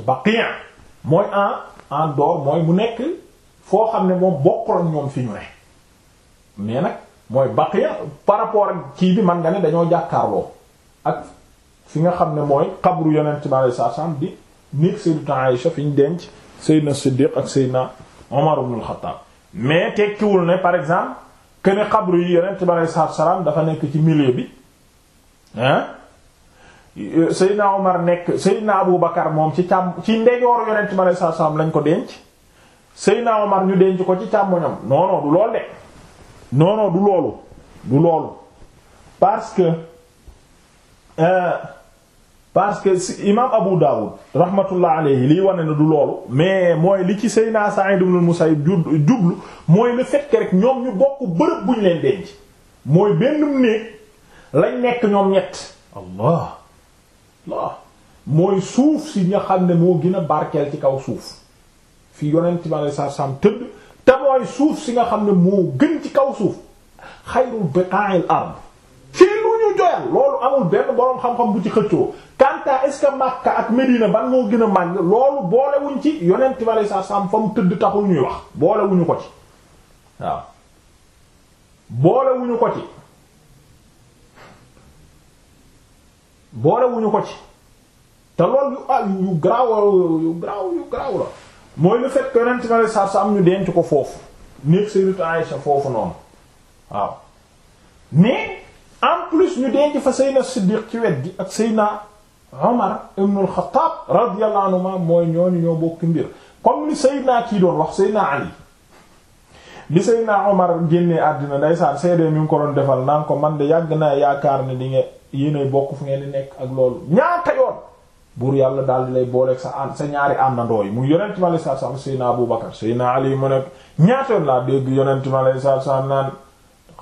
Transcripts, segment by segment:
baqi' mooy en en dehors mooy mu nekk foo xam ne moom bokkul ak ñoom fi ne mais nag mooy baqi' par rapport ak kii bi man nga dañoo jàkkaarloo ak fi nga xam ne mooy xabru yonent bi alayhi salaam bi néeg Sayyidatu Aïsha fi denc Seydina Siddiq ak Seydina Omar ibn al-Khattab mais tekkiwul ne par exemple que ne xabru yi yonent bi alayhi salaam dafa nekk ci milieu bi Seydina Omar nekk Seydina Abu Bakar moom ci càmm ci ndeyjoor yonent ma lay saa saam lañ ko denc Seydina Omar ñu denc ko ci càmmoñam non non du lool de non du loolu du loolu parce que euh, parce que si imaam Abu Dawud rahmatullah alayhi liy wane na du loolu mais mooy li ci Seydina Sa'id ibn Musayyib jublu mooy le fait rek ñoom ñu bokk bërëb bu ñu leen denc mooy benn néeg lañ nekk ñoom ñett waaw mooy suuf si nga xam ne moo gën a barkeel ci kaw suuf fi yonent bi alei satu tëdd te mooy suuf si nga xam ne moo gën ci kaw suuf xayrul biqa'il ard ci lu ñu joyal loolu amul benn boroom xam-xam bu ci xëccoo kanta est-ce que Makka ak Medina ban moo gën a màgg loolu boolewuñ ci yonent bi alei satu salaam fa mu tëdd taxul ñuy wax boolewuñu ko ci waaw boolewuñu ko ci boolewuñu ko ci te lool yu ah yu garaaw yu garaaw yu garaaw la mooy le fait que yonent ma sa sa am ñu denc ko foofu nekk Sayyidatu Aïcha foofu noonu waaw mais en plus ñu denc fa Sayyidna Siddiq ci wet gi ak Sayyidna Omar ibn al-Khattab radiyallahu anhuma mooy ñooñu ñoo bokk mbir comme li Sayyidna kii doon wax Sayyidna Ali li Sayyidna Omar génnee àddina ndeysaan seede mi ngi ko doon defal naan ko man de yàgg naa yaakaar ne di nga yéenay bokk fu ngeen di nekk ak loolu ñaata yoon buur yàlla daal di lay booleeg sa an sa ñaari àndandoo yi mu yonent mi alayhi salaam Seydina Abu Bakar Seydina Ali mu nekk ñaata yoon laa dégg yonent mi alayhi salaam naan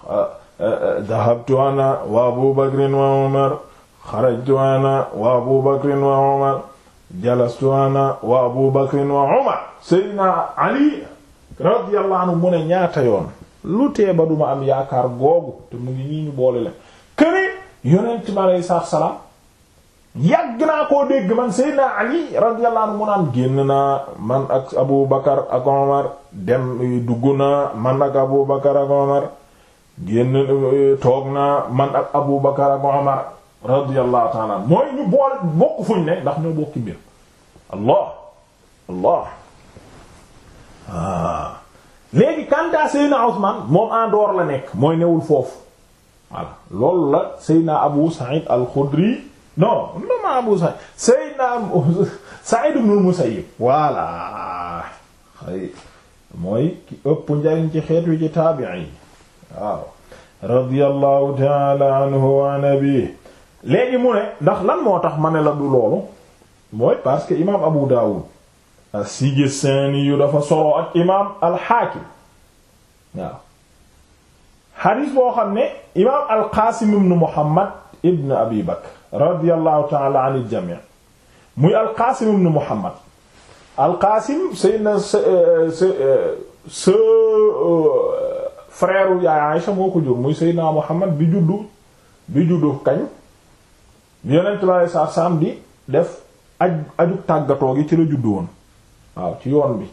ah, eh, eh, dahabtu ana wa Abu Bakrin wa Umar xarajtu ana wa Abu Bakrin wa Umar jalastu ana wa Abu Bakrin wa Umar Seydina Ali radiyallahu anhu mu ne ñaata yoon lu tee ba duma am yaakaar googu te mu ngi nii ñu boole leen yonent bi aleyhi salaam yàgg naa koo dégg man Seydina Ali radiyallahu anhu mu génn naa man ak Abu Bakar ak Omar dem dugg naa man ak Abu Bakar ak Omar génn toog naa man ak Abu Bakar ak Omar radiyallahu ta'ala mooy ñu boole bokk fuñ ne ndax ñoo bokki mbir allah allah ah. léegi kantaa Seydina Usman moom en la nekk mooy newul foofu voilà loolu la Seydina Abu Sa'id al-Khudri non non ma Abu Sa'id Seydina Sa'id ibn al-Musayyib voilà xëy mooy ki ëpp njariñ ci xeet wi ci taabi'i waaw radiyallahu ta'ala anhu wa nabi léegi mu ne ndax lan moo tax ma ne la du loolu mooy parce que imaam Abu Dawud as-Sijistani yu dafa solo ak imaam al waaw xadis boo xam ne imaam alqaasim ibn muhammad ibn abi bakr radiallahu taala an iljami muy alqaasim ibn muhammad alqaasim sayyidina sa eh, eh, eh, frère yaay Aïcha moo ko jur muhammad bi juddu bi juddu kañ bi yonent bi alei saatu salaam di def aju tàggatoo gi ci la juddu woon waaw ci yoon bi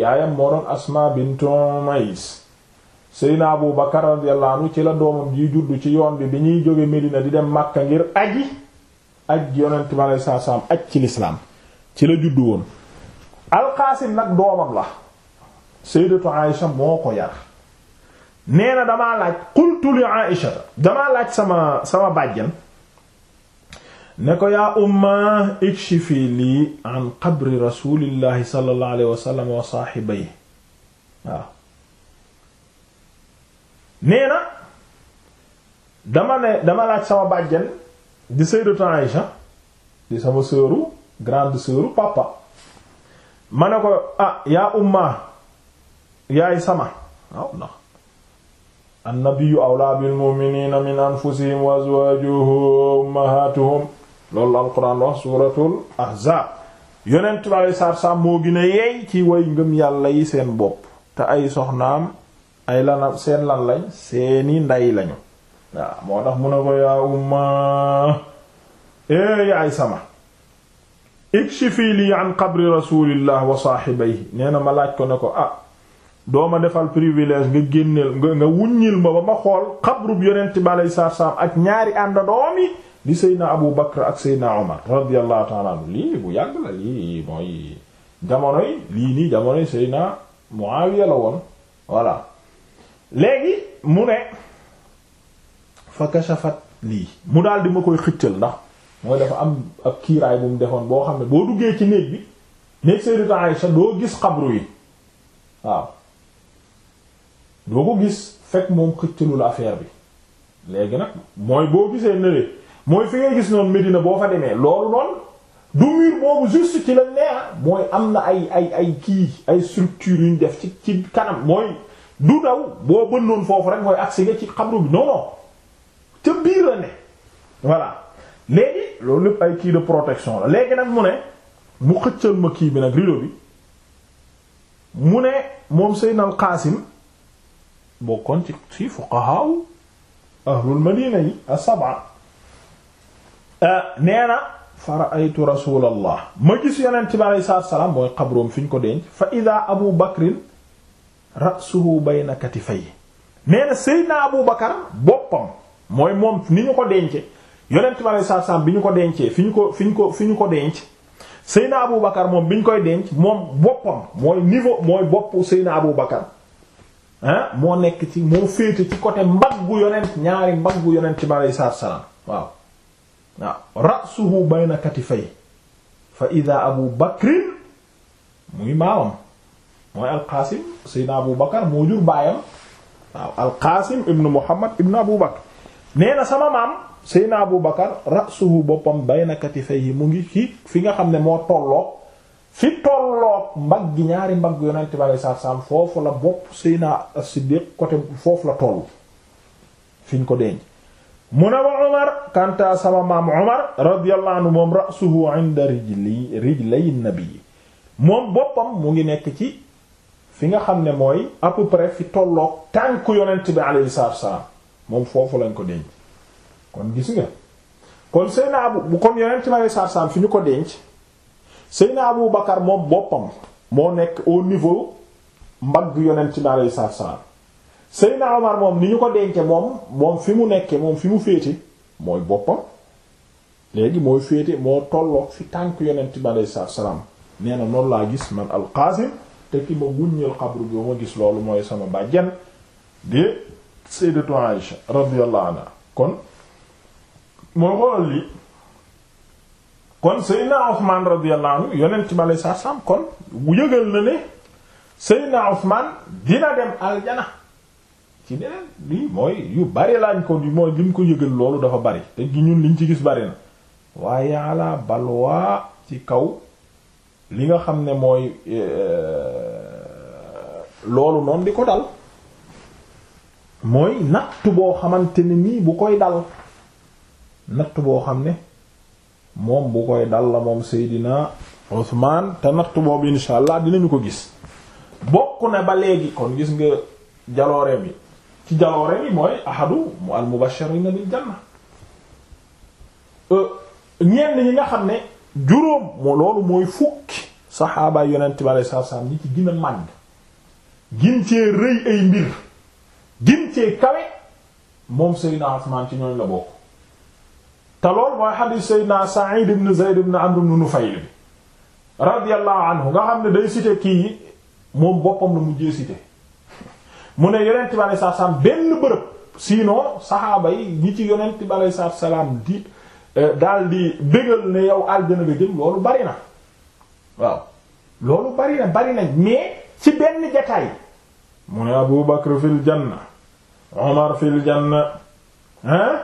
yaayam moo doon asma bint Seydina Abu Bakar radiyallahu anhu ci la doomam ji juddu ci yoon bi bi ñuy jóge Medina di dem Makka ngir aji aj yonent bi alayhi salaam aj ci lislaam ci la juddu woon alxaasim nag doomam la sayyidatu Aïsha moo ko yar nee na damaa laaj qultu li Aïsha damaa laaj sama sama bàjjan ne ko yaa umma ikshifi lii an qabri rasulillahi sallallahu alayhi wa sallam wa nee dama ne dama laaj sama bàjjen di sayyidatu Aïcha di sama sœuru grande ma ne ko ah, sama waaw ndax annabiyyu awlaa bil mu'minina min anfusihim wa azwajuhu ummahatuhum loolu la alquran wax suratul ahzab yonent bi alei moo gën yeey ci way ngëm yàlla yi seen bopp te ay soxnaam ay lana seen lan lañ seeni ndey lañu waaw moo tax mun ne ko yaa umma ee eh, yaay sama ikshifi li an qabri rasulillah wa saahibayhi nee ma laaj ko ne ko ah doo ma defal privilège nga génneel nga nga wuññil ma ba ma xool xabrub yonent bi aleyhi salaatu salaam ak ñaari àndandoom yi di seydna abu bakr ak seydna omar radiyallahu ta'ala anhu lii bu yàgg la lii mooy jamonoy lii nii jamonoy seydna muawiya la woon voilà léegi mu ne fa kashafat lii mu dal di ma koy xëccal ndax mooy dafa am ak kiiraay bu mu defoon boo xam ne boo duggee ci néeg bi néeg Sayyidatu Aïsha doo gis xabru yi waaw doo ko gis fekk moom xëccalul affaire bi léegi nag mooy boo gisee nële mooy fi ngay gis noonu Medina boo fa demee loolu noonu du mur boobu juste ci la neex mooy am na ay ay ay kii ay structure yuñ def ci ci kanam mooy du daw boo bënnoon foofu rek mooy agsi nga ci xabru bi non non biir la ne voilà léegi loolu lépp ay kii de protection la léegi nag mu ne mu xëccal ma kii bi nag rido bi mu ne moom Seydina al Qaasim bokkoon ci si fuqahaa ahlul madina yi as-sab'a euh, nee na fa ra'aytu rasulallah ma gis yonent bi alayhi salaam mooy xabroom fi ñu ko denc fa ida abu bakrin ra'suhu bayna katifay nee na Seydina Abu Bakar boppam mooy moom ni ñu ko dencee yonent ma lay bi ñu ko dencee fi ñu ko fi ñu ko fi ko denc Seydina Abu Bakar moom bi ñu koy denc moom boppam mooy niveau mooy boppu Seydina Abu Bakar moo nekk ci moo féete ci côté mbaggu yonent ñaari mbaggu yonent ci lay saasam waaw waaw ra'suhu bayna katifay fa ida Abu Bakrin muy maawam mooy alqaasim seydna abu bakar moo jur baayam waaw alqaasim ibnu muhammad ibnu abu bakar nee na sama maam seydna abu bakar rasuhu boppam bayna katifayhi mu ngi ci fi nga xam ne moo tolloog fi tolloog mbaggi ñaari mbagg yonent bi alei satu salaam foofu la bopp seydna siddiq côté foofu la toll fi ñu ko denc mu ne wa omar kanta sama maam omar radiyallahu moom rasuhu rijli rijlay nabi moom boppam mu ngi nekk ci fi nga xam ne mooy à peu près fi tolloog tànk yonent bi alayhi salaatu wassalaam moom foofu lañ ko denc kon gis nga kon Seyna Abu bu kon yonent bi alayhi salaatu wassalaam fi ñu ko denc Seyna Abu Bakar moom boppam moo nekk au niveau mbagg yonent bi alayhi salaatu wassalaam Seyna Omar moom ni ñu ko denc moom moom fi mu nekkee moom fi mu féete mooy boppam léegi mooy féete moo tolloog fi tànk yonent bi alayhi salaatu wassalaam nee na noonu laa gis man al Qasim te ki ma wuññil xabru bi ma gis loolu mooy sama bàjjen di sayyidatu Aïsha radiyallahu anha kon mooy xoolal li kon Seydina Ousmane radiyallahu anhu yonent bi alayhi salaam kon yëgal na ne Seydina Ousmane dina dem aljana ci beneen mooy yu bari lañ ko di mooy lim ko yëgal loolu dafa bari te gi ñun liñ ci gis bari na waaye ala balwaa ci kaw li nga xam ne mooy euh, loolu noonu di ko dal mooy nattu boo xamante ni nii bu koy dal nattu boo xam ne moom bu koy dal la moom Seydina Usmaan te nattu boobu insha allah dinañu ko gis bokk ne ba léegi kon gis nga jaloore mi ci jaloore yi mooy ahadu al mubashirina bil janna euh, ñenn ñi nga xam ne juróom moo loolu mooy fukki saxaabaay yonent bi alayhi salaatu salaam ñi ci gën a màgg gin cee rëy ay mbir gin cee kawe moom Seydina Usmaan ci ñooñ la bokk te lool mooy xadiis Seydina Sa'id ibn Zayd ibn Amr ibn Nufayl bi radiyallahu anhu nga xam ne day cité kii moom boppam la mujjee cité mu ne yonent bi alayhi salaam benn bërëb sinon saxaaba yi ñi ci yonent bi alayhi salaam di Euh, daal di bégal ne yow aljana nga jëm loolu bari na waaw loolu bari na bari nañ mais ci benn jataay mu ne Abu Bakr fil janna Omar fil janna hein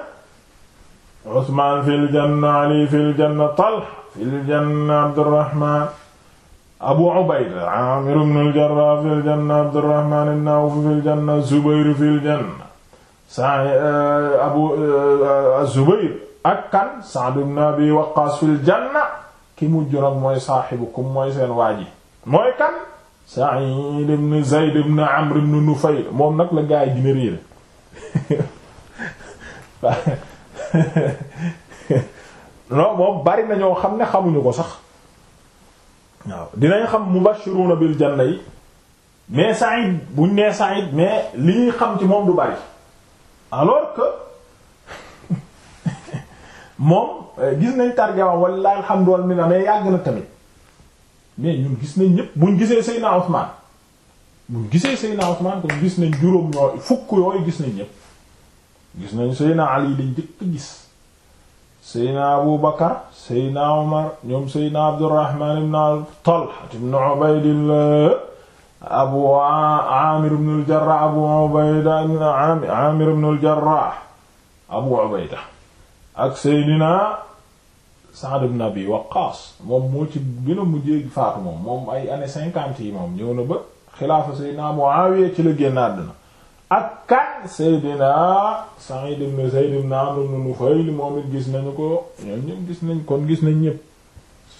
Usmaan fil janna Ali fil janna Talha fil janna Abdurrahman Abu Ubayda Aamir ibn al-Jarrah fil janna Abdurrahman ibn Awf fil janna Zubayr fil janna Sa'id euh, Abu euh, Az-Zubayr ak kan Sa'd ibn Abi Waqqas fil janna ki mujj nag mooy saaxibukum mooy seen waa ji mooy kan Sa'id ibn Zayd ibn Amr ibn Nufayl moom nag la gaa yi dina réere non moom bari na ñoo xam ne xamuñu ko sax waaw dinañ xam mubashiruna bil janna yi mais Sa'id buñ mais li xam ci moom du moom euh, gis nañ tarjama wallaahi alhamdu wal minna mais yàgg na tamit mais ñun gis nañ ñëpp buñ gisee Seydina Ousmane buñ gisee Seydina Ousmane gis nañ juróom ñooy yooyu gis nañ ñëpp gis nañ Seydina Ali dañ jëkk gis Seydina Abu Bakar Seydina Omar ñoom Seydina Abdurrahman ibn Talha ibn Ubaydillah abu abu Ubayda abu Ubayda ak Seydina Sa'd ibn Abi Waqqas moom moo ci gën a mujjee faatu moom moom ay années cinquante yi moom ñëw na ba xilaafa Seydina Muawiya ci la génn àdduna ak kan Seydina Sa'id ibn Zayd ibn Amr ibn Nufayl moom it gis nañu ko ñoom gis nañ kon gis nañ ñëpp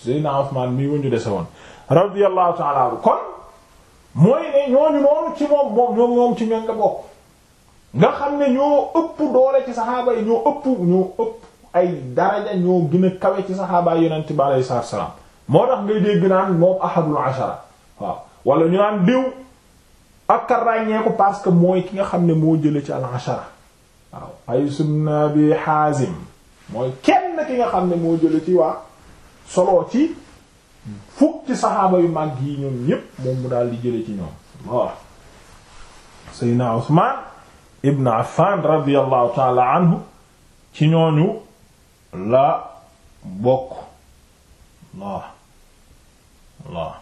Seydina Usmaan mii wuñu dese woon radiyallahu ta'ala kon mooy ne ñooñu noonu ci moom moom ñoom ñoom ci ñoom bokk nga xam ne ñoo ëpp doole ci saxaaba yi ñoo ëpp ñoo ëpp ay daraja ñoo gën a kawe ci saxaaba yonent bi alayhi salaatu salaam moo tax ngay dégg naan moom ahadul ashara waaw wala ñu naan diw ak ràññeeku parce que mooy ki nga xam ne moo jële ci al ashara waaw ay sunna bi Haazim mooy kenn ki nga xam ne moo jële ci waa solo ci fukk ci saxaaba yu mag yi ñoom yépp moom mu daal di jële ci ñoom waaw Seydina Usmaan ibn Affan radiyallahu taala anhu ci ñooñu la bokk Allah Allah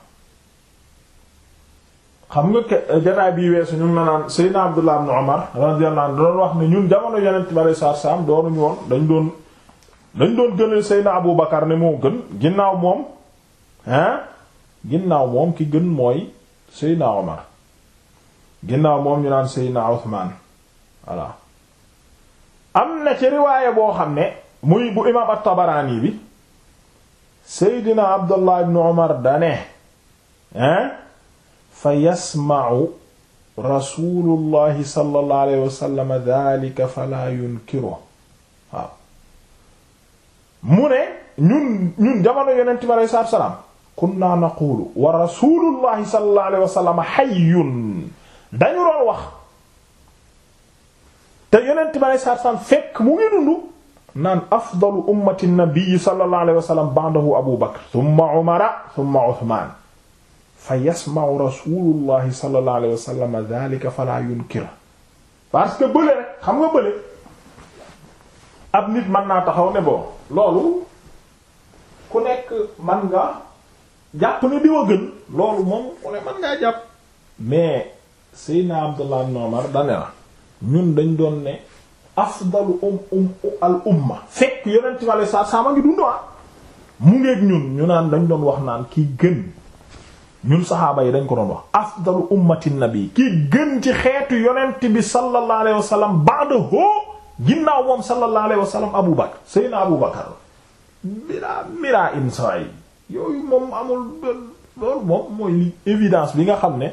xam nga janaay bii weesu ñu ngi naan Seydina Abdullah ibn Umar radiyallahu anhu wax ne ñun jamono Yonent bi sallallahu alayhi wasallam doonuñu woon dañ doon dañ doon gënal Seydina Abu Bakar ne moo gën ginnaaw moom hein ginnaaw moom ki gën mooy Seydina Omar ginnaaw moom ñu naan Seydina Othman voilà am na ci riwaaya boo xam ne muy bu imaam at-Tabarani bi seydina Abdullah ibn Umar dane hein fa yasma'u rasulullahi sallallahu alayhi wa sallam dhalika fala yunkiru waaw mu ne ñun ñun jamono yonent bi alayhi salaatu wa salaam kunna naqulu wa rasulullahi sallallahu alayhi wa sallam hayyun dañu doon wax te yonent bi alayhi salaatu wa fekk mu ngi dundu naan afdalu ummati nabii sallallahu abu bakr thumma umara thumma uthman fa yasma'u rasulullahi sallallahu alayhi wa sallam dhalika fala que bële rek xam nga bële ab loolu ku nekk mën nga jàpp ne diwa gën loolu moom ku ne mën ngaa jàpp mais Seydina Abdullah ibn Umar dane la ñun dañ doon ne afdalu um um al umma fekk yonent wale sa sama ngi dundu ah. mu ngeeg ñun ñu naan dañ doon wax naan ki gën ñun saxaaba yi dañ ko doon wax afdalu ummati nabi ki gën ci xeetu yonent bi sallallahu alayhi wa sallam ba'dahu ginnaaw moom sallallahu alayhi wa sallam abu bakar seyna abu bakar miraa miraa in sawaay yooyu moom amul loolu moom mooy évidence bi nga xam ne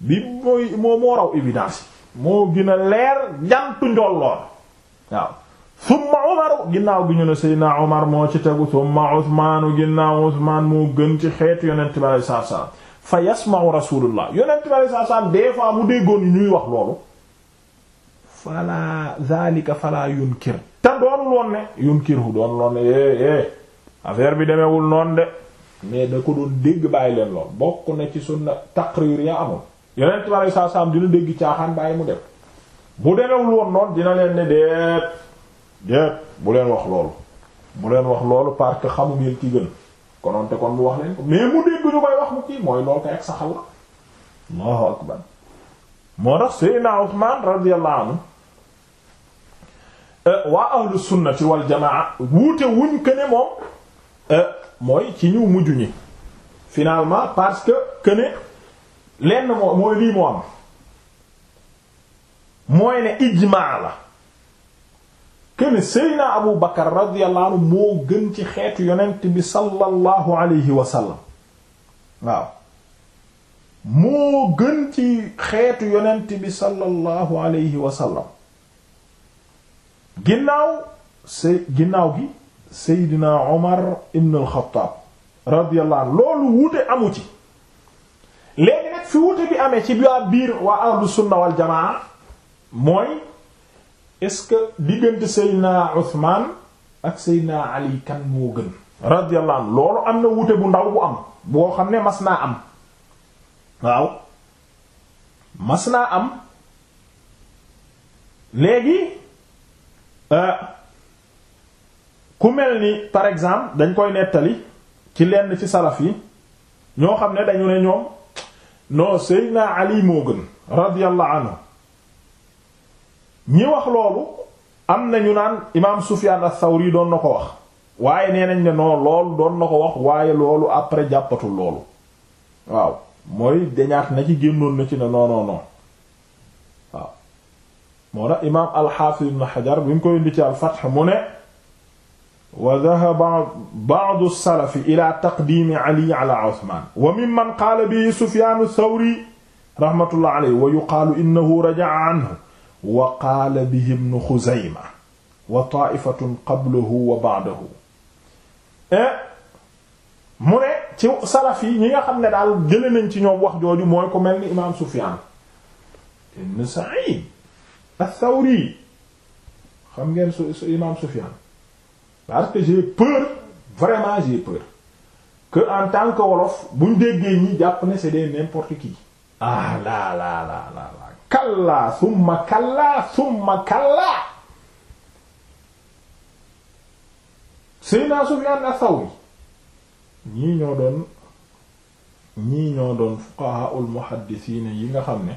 bi mooy moo moo raw évidence yi moo gina a leer jantu njolloon waaw summa umaru ginnaaw gi ñu ne seydna umar moo ci tegu summa usmaanu ginnaaw usmaan moo gën ci xeet yonent bi alei satu salaam fa yasmau rasulullah yonent bi alei satu salaam des mu déggoon yi ñuy wax loolu fala zalika fala yunkir te doonul woon ne yunkirhu doonul woon ne é eh, é eh, affaire bi demewul noon de mais da ko doon dégg bàyyi leen lool bokk na ci sunna taqrir ya amul yeneen tubaab yi saa saam dina dégg caaxaan bàyyi mu dem bu demewul woon noonu dina leen ne déet déet bu leen wax loolu bu leen wax loolu parce que xamu ngeen ki gën konoon te kon mu wax leen ko mais mu dégg ñu koy wax mu kii mooy lool kay ak saxal la Allahu akbar moo tax Seydina Usmaan radiyallahu anhu euh, waa ahlu sunnati wal jamaa wuute wuñ këne moom euh, mooy ci ñu mujj ñi finalement parce que këne lenn moo mooy lii moo am mooy ne ijmaa la këni Seydina Abu Bakar radiyallahu anhu moo gën ci xeetu yonent bi sallallahu alayhi wa ginnaaw gi Seydina Omar ibn al radiyallahu anhu loolu wuute amu ci léegi nag fi wute bi amee ci waa biir waa ahlu sunna wal jamaa mooy est-ce que diggante Seydina Usmaan ak Seydina Ali kan moo gën radiyallahu loolu am na wute bu ndaw bu am boo xam ne mas naa am waaw mas naa am léegi euh, ku mel ni par exemple dañ koy nettali ci lenn ci salaf yi ñoo xam ne dañu ne ñoom non Seydina Ali moo gën radiyallahu anhu ñi wax loolu am na ñu naan imaam Sufyaan as-Sawri doon na ko wax waaye nee nañ ne non loolu doon na ko wax waaye loolu après jàppatul loolu waaw mooy dañaat na ci génnoon na ci ne non non non waaw moo tax imaam al-Hafiz Ibn ñu koy indi ci mu ne. wa dahaba ba'du salafi ila taqdiimi Ali ala Usmaan wa mimman qaala bihi Sufyaanu Thawri rahmatullahi alayhi wa yuqaalu innahu raja'a anhu wa qaala bihi Ibnu Xuzayma wa taa'ifatun qablahu wa ba'dahu eh, mu ne ci salaf yi ñi nga xam ne daal jële nañ ci ñoom wax jooju mooy ko mel ni imaam Sufyaan ibn Sa'iid ath-Thawri xam ngeen su imaam Sufyaan parce que j'ai peur vraiment que en tant que wolof buñ déggee ñi jàpp ne c'est des n'importe qui ah la la la la la kalla summa kalla summa kalla Seyna Sufyan as-Sawri ñii ñoo doon ñii ñoo doon fuqaha ul yi nga xam ne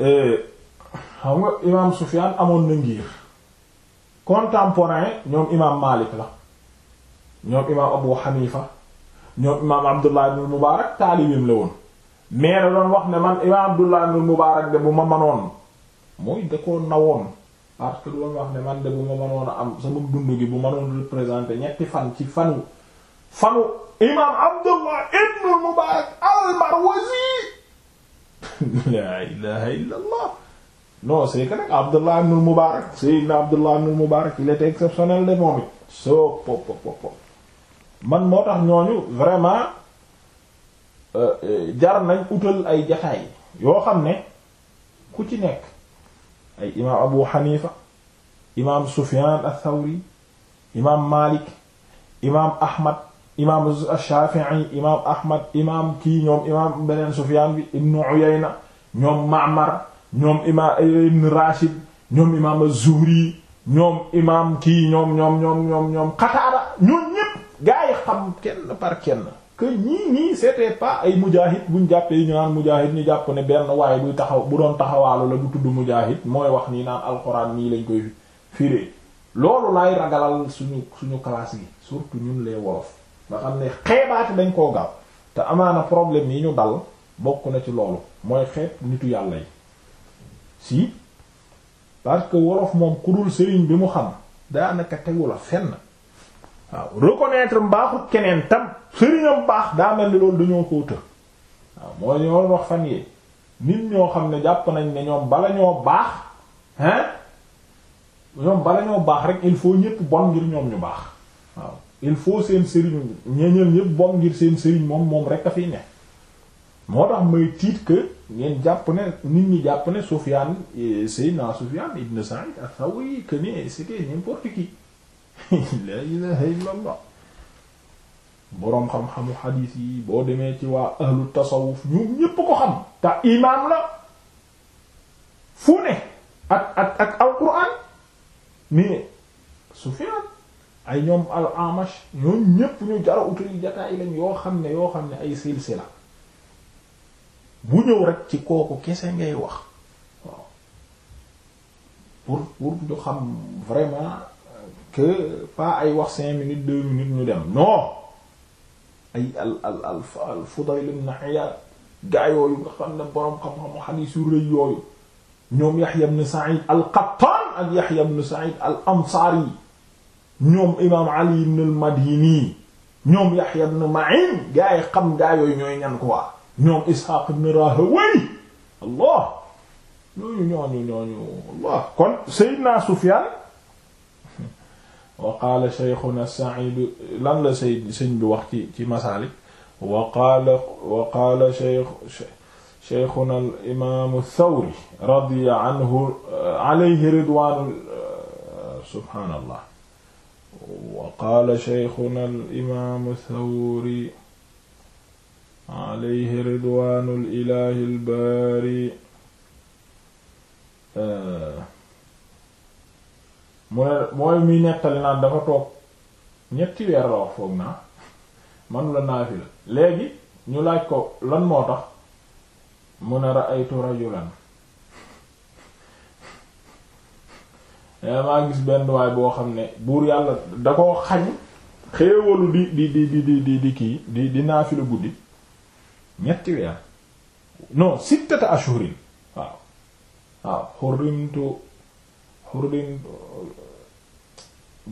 eh, xam nga imaam Sufyan amoon na ngiir contemporain ñoom imaam Malik la ñoom imaam Abu Hanifa ñoom imaam Abdullah ibn Mubarak taalibim la woon mais da doon wax ne man imaam Abdullah ibn Mubarak de bu ma manoon mooy da ko nawoon parce que doon wax ne man de bu ma manoon a am sama dund gi bu manoon représenter ñetti fan ci fanu fanu imaam Abdullah ibn Mubarak al-Marwazi la ilaha illallah non c'est que nag Abdullah ibn al-Mubarak Abdullah ibn al il était exceptionnel de moom it so pop pop pop man moo tax ñooñu vraiment euh, euh, jar nañ utal ay jataay yoo xam ne ku ci nekk ay imaam Abu Hanifa imaam Sufyan ath-Thawri imaam Malik imaam Ahmad imaam Shafi'i imaam Ahmad imaam kii ñoom imaam beneen Sufyan bi ibn Uyayna ñoom Ma'mar ñoom imaam ibn Rashid ñoom imaam az-Zuhri ñoom imaam kii ñoom ñoom ñoom ñoom ñoom Qataada ñépp gaa yi xam kenn par kenn que ñii nii c'était pas ay mujaahid buñ jàppee yi ñu naan mujaahid ñu jàpp ne benn waaye buy taxaw bu doon taxawaalu la bu tudd mujaahid mooy wax nii naan alxuraan nii lañ koy firé loolu laay ragalal suñu suñu classe gi surtout ñun les wolof nga xam ne xeebaati dañ koo gaaw te amaana problème yi ñu dal bokk na ci loolu mooy xeet nitu si parce que wolof moom ku dul sëriñ bi mu xam daanaka tegu la fenn waaw reconnaître mbaaxut keneen tam sëriñam baax daa mel ni loolu dañoo koo tër waaw mooy ñoo wax fan yee nit ñoo xam ne jàpp nañ ne ñoom bala ñoo baax hein ñoom bala ñoo baax rek il faut ñépp bon ngir ñoom ñu baax waaw il faut seen sëriñ ñeñal ñépp bon ngir seen sëriñ moom moom rek a fiy ne moo tax may tiit que ngeen jàpp na nit ñi jàpp ne Sufyan Seydina Sufyan ibn Sa'id ath-Thawri que ne c'était n'importe qui la ilaha illallah boroom xam-xamu xadiis yi boo demee ci waa ahlu tasawuf ñoom ñëpp ko xam te imaam la fu ne ak ak ak alquran mais Sufyan ay ñoom al-Amash ñoom ñëpp ñu jara utali jataay lañ yoo xam ne yoo xam ne ay silsila bu ñëw rek ci kooku kese ngay wax waaw pour pour ñu xam vraiment que pas ay wax cinq minutes deux minutes ñu dem non ay al al al al Fudayl ibn Iyad gaa yooyu nga xam ne boroom xam-xamu xadiis yu rëy yooyu ñoom Yahya ibn Sa'id al-Qattan ak Yahya ibn Sa'id al-Ansari ñoom imaam Ali ibn al-Madini ñoom Yahya ibn Ma'in gaa yi xam gaa yooyu ñooy ñan quoi ñoom Ishaq ibn Rahawayh allah ñooñu ñooñu ñooñu allah kon Seydina Sufyaan wa qaala shaykhuna Sa'id lan la say sëñ bi wax ci ci Masaalik wa qaala wa qaala shaykh shaykhuna al imaam ath-Thawri radiya anhu alayhi ridwaan subhaanallah wa qaala shaykhuna al imaam ath-Thawri alayhi ridwaanul ilaahil baari mu ne mooy muy nettali naan dafa toog ñetti weer la wax foog naa man la naafila léegi ñu laaj ko lan moo tax mu ne ra'aytu rajulan maa gis benn waay boo xam ne buur yàlla da koo xañ xéewalu di di di di di di kii di di naafilu guddi ñetti weer non sittata ashhurin waaw waaw xurrimtu xurrim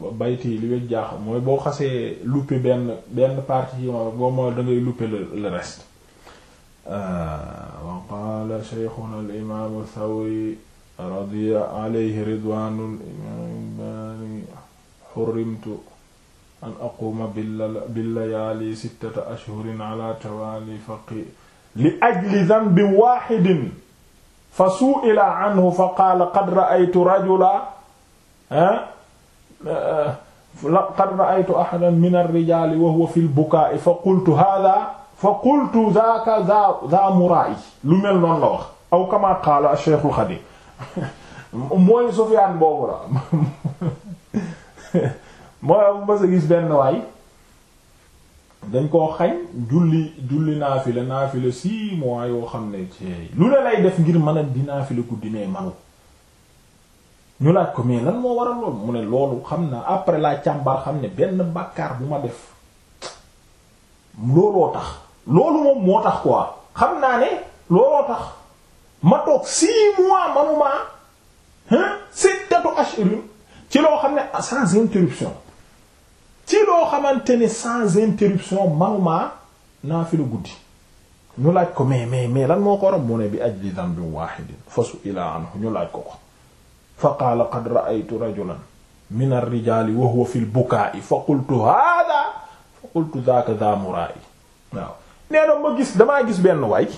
uh, bayti li wet jaax mooy boo xasee luppe benn benn partie yi ma boo moo da luppe le reste euh, wa qaala shaykhuna al imaamu thawri radiya alayhi ridwaanul imaam bani xurrimtu an aquma billayaali sittata ashhurin ala tawaali faqi li ajli dhanbin waahidin fa su'ila anhu fa qaala qad ra'aytu rajulan eh, qad ra'aytu ahadan min ar-rijaali wa huwa fil bukaa'i fa qultu haadha fa qultu dhaaka dhaa muraa'i lu mel noonu la wax aw kamaa qaala Cheikh al-Khadim mooy Sufyaan boobu la mooy am ba sa gis benn waay dañ koo xañ julli julli naafila naafila six mois yoo xam ne ci lu ne lay def ngir mën a di naafila guddi mais manu ñu laaj ko mais lan moo waral loolu mu ne loolu xam na après la càmbar xam ne benn bàkkaar bu ma def looloo tax loolu moom moo tax quoi xam naa ne looloo tax ma toog six mois manumaa hein sittatu ashrin ci loo xam ne sans interruption ci loo xamante ne sans interruption manuma naafilu guddi ñu laaj ko mais mais mais lan moo ko rob bi ajli dambin wahidin fa su'ila anhu ñu laaj ko ko fa qaala qad ra'aytu rajulan min ar-rijaali fi al-bukaa'i fa qultu haadha fa qultu dhaaka dha muraa'i nee na ma gis damaa gis benn waay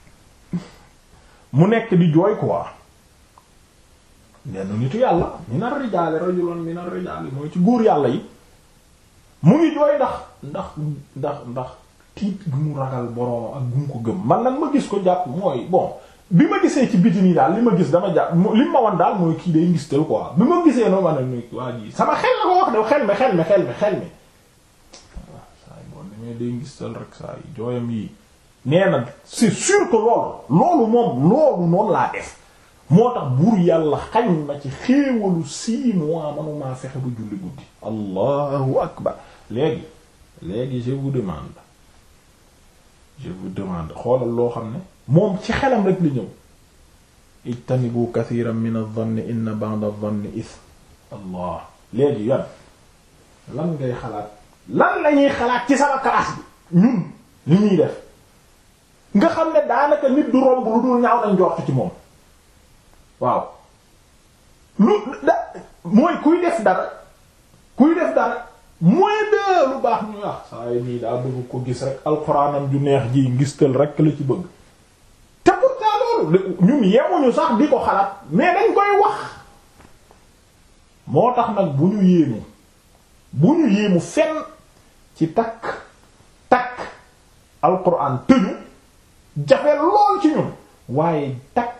mu nekk di jooy quoi ne benn nitu yàlla minar rijaali rajulun minar rijaali mooy ci góor yàlla yi mu ngi jooy ndax ndax ndax ndax tiit gu mu ragal boroom ak gu ko gëm man nag ma gis ko jàpp mooy bon bi ma gisee ci biti daal li ma gis dama jàpp li ma wan daal mooy kii day ngis tel quoi bi ma gisee noonu ma ne nii waa ji sama xel la ko wax de xel mi xel mi xel mi xel mi waaw ah, saa yi bon damay day ngis rek saa yi jooyam yii nee na c'est loolu loolu moom loolu moo tax buur yàlla xañ na ci xéewalu six mois manumaa fexe ba julli guddi allahu akbar léegi léegi je demande je demande xoolal loo xam ne moom ci xelam rek lu ñëw ijtanibu kathiran min adh-dhanni inna ba'da adh-dhanni ithm allah léegi yan lan ngay xalaat lan lañuy xalaat ci sama classe bi ñun li ñuy def nga xam ne daanaka nit du romb lu dul ñaaw nañ njort ci moom waaw lu da mooy kuy def dara kuy def dara mooy de lu baax ñu wax saa yi nii daa bëgg ko gis rek alxuraanam ju neex ji ngistal rekk la ci bëgg te pourtant loolu ñun yemuñu sax di ko xalaat mais dañ koy wax moo tax nag bu ñu yéemu bu ñu yéemu fenn ci takk takk alxuraan tëju jafe lool ci ñun waaye takk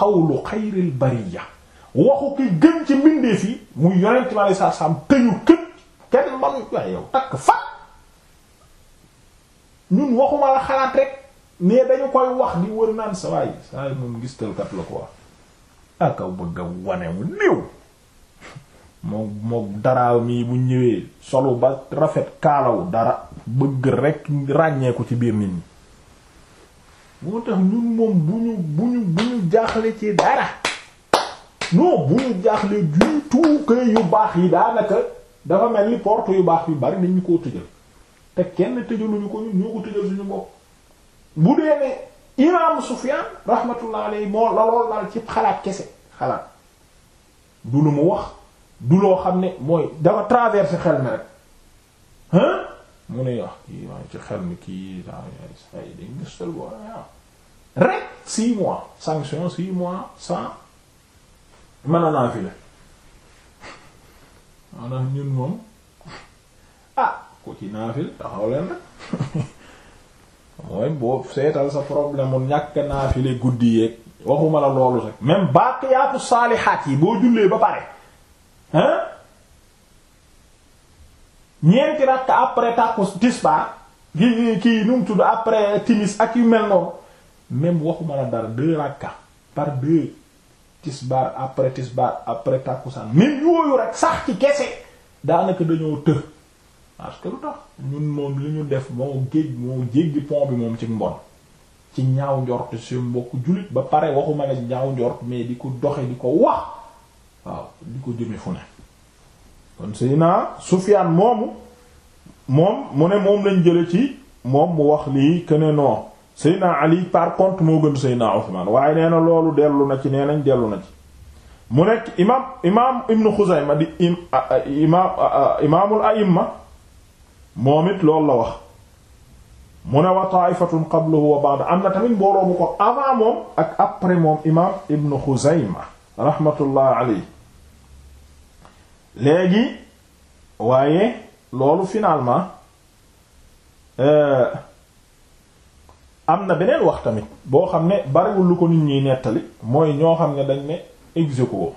qawlu xayril bariya waxu ki gën ci mbindeef yi mu yonent mi alei satu salaam tëñu kët kenn manu waaye yow takk fa ñun waxuma la xalaat rek mais dañu koy wax di wër naan sa waay saa yi moom gis tëlkat la ko wax akaw ah, bëgg a wanewu néew moom moom daraaw mii bu ñëwee solu ba rafet kaalawu dara bëgg rek ràññee ko ci biir nit ñi moo tax ñun moom bu ñu bu ñu bu ci dara non bu ñu jaaxle du tout yu baax yi daanaka dafa mel ni porte yu baax yu bari dañu ko tëjal te kenn tëjaluñu ko ñun ñoo ko tëjal suñu bopp bu dee ne imam Sufyan rahmatullah alayhi moo la lool daal ci xalaat kese xalaat du lu mu wax du loo xam ne mooy dafa traversé xel na rek mu ne ah kii maa ngi ci xel mi kii daa ay dañ gis sel bo rek six mois sanction six mois sans mën a naa fi le maanaam ñun moom ah ku ci naafil taxaw leen mooy boo seetal sa problème mu ñàkk naafile er guddi yeeg waxuma la loolu rek même baaqiyaatu saalihaat yi boo jullee ba pare hein ñeenti rakk après tàkku tisbaar kii kii nu mu tudd après timis ak yu mel noonu même waxuma la dara deux rakka par deux tisbaar après tisbaar après tàkkusaan même yooyu rek sax ci kese daanaka dañoo të parce que lu tax ñun moom li ñu def moo géej moo jéggi pont bi moom ci mbon ci ñaaw njort su mbokk jullit ba pare waxuma la ñaaw njort mais di ko doxe di ko wax waaw di ko jëme fu ne kon Seydina Sufyaan moomu moom mu ne moom lañ jële ci moom mu wax lii que ne non Seydina Ali par contre moo gën Seydina Usmaan waaye nee na loolu dellu na ci nee nañ dellu na ci mu nekk imaam imaam Ibn imaamul a'imma moom it la wax mu ne wa taa'ifatun qablahu wa ba'da am na tamit mbooloo mu ko avant moom ak après moom imaam Ibn Xuzayma rahmatullah alayhi léegi waaye loolu finalement euh, am na beneen wax tamit boo xam ne bariwul lu ko nit ñuy nettali mooy ñoo xam ne dañ ne ex aequo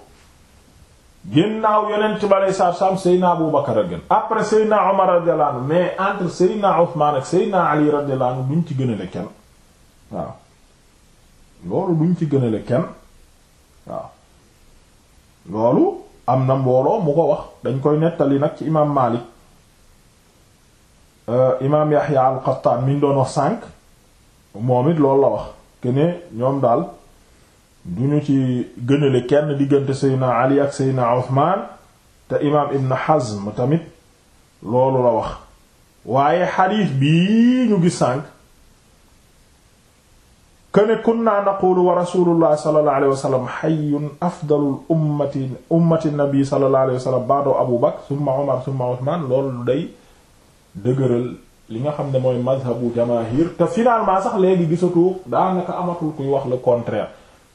ginnaaw yonent bi aleyhi salaatu salaam Seydina Abu Bakar a gën après Seydina Omar radiyallahu anhu mais entre Seydina Ousmane ak Seydina Ali radiyallahu anhu duñ ci gënale kenn waaw loolu duñ ci gënale kenn waaw loolu am na mbooloo mu ko wax dañ koy nettali nag ci imaam Maalik euh, imaam Yaxya al-Qattaan mi doon wax sànq moom it loolu la wax que ñoom daal du ñu ci gënale kenn diggante Seydina Ali ak Seydina Usmaan te imaam Ibn Hazm tamit loolu la wax waaye xadiis bii ñu gis sànq këne kunna naqulu wa rasulullah sallallahu alayhi wa sallam hayyun afdalul ummati ummati nabi sallallahu alayhi wa sallam ba'da abu bakr thumma umar thumma uthman loolu day dëgëral li nga xam ne mooy madhabu jamaahir te finalement sax léegi gisatoo daanaka amatul kuy wax le contraire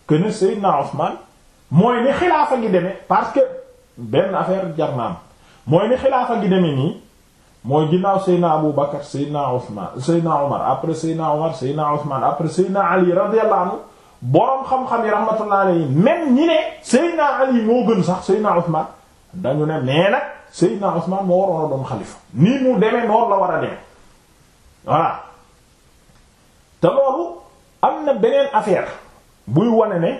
këne seydina uthman mooy ni xilaafa ngi deme parce que benn affaire jar na am mooy ni xilaafa ngi deme nii mooy ginnaaw Seydina Abu Bakar Seydina Ousmane Seydina Omar après Seydina Omar Seydina Ousmane après Seydina Ali radiyallahu anhu xam-xam yi rahmatullahi alayhi même ñi ne Seydina Ali moo gën sax Seydina Ousmane dañu ne mais nag Seydina Ousmane moo waroon a doon xalifa nii mu demee noonu la war a demee voilà te loolu am na beneen affaire buy wane ne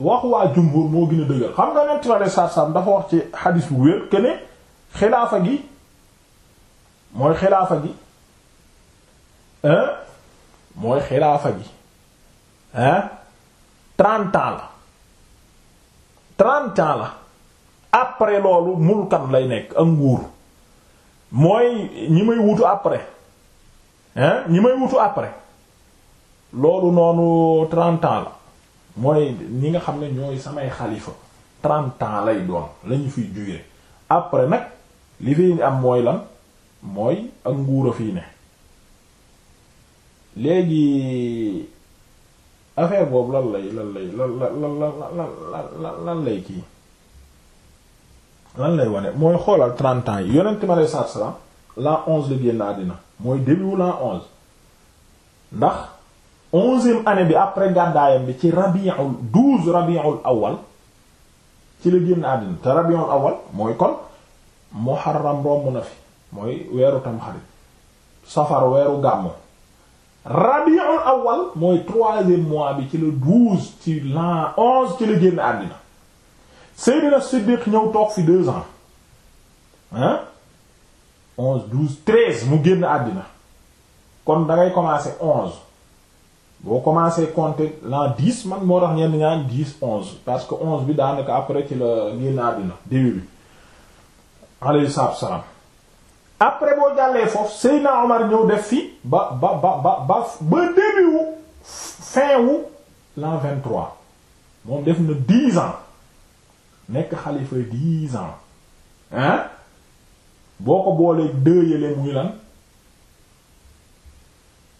wax waa jumhur moo gën a dëgër xam nga Yonent bi sallallahu alayhi dafa wax ci xadiis bu wér que xilaafa gi. mooy xilaafa gi hein mooy xilaafa gi hein trente ans la trente ans la après loolu mulkan lay nekk ak nguur mooy ñi may wutu après hein ñi may wutu après loolu noonu trente ans la mooy ñi nga xam ne ñooy samay xalifa trente ans lay doon lañu fiy jugee après nag li fi am mooy lan mooy ak nguur a fii ne léegi affaire boobu lan lay lan lay lan lan lan lan lan lay kii lan lay wane mooy xoolal trente ans yi yonent ma lay sarsara l'an onze la génn àddina mooy début l'an onze ndax onzième année bi après gàddaayam bi ci rabiul douze rabiul awal ci la génn àddina te rabiul awal mooy kon muharram romb na fi mooy weeru tamxarit safar weeru gàmmu rabiul awal mooy troisième mois bi ci la douze ci l'an onze ci la génn àddina Seydina Siddiq ñëw toog fi deux ans hein onze douze treize mu génn àddina kon dangay ngay commencer onze boo commencer compter l'an dix man moo tax ñenn ñaan dix onze parce que onze bi daanaka après ci la génn àddina début bi alayhi salaam après boo jàllee foofu Seydina Omar ñëw def fi ba ba ba ba ba ba début fin wu l'an 23 moom def na 10 ans nekk xalifa 10 ans hein boo ko boolee deux yële muy lan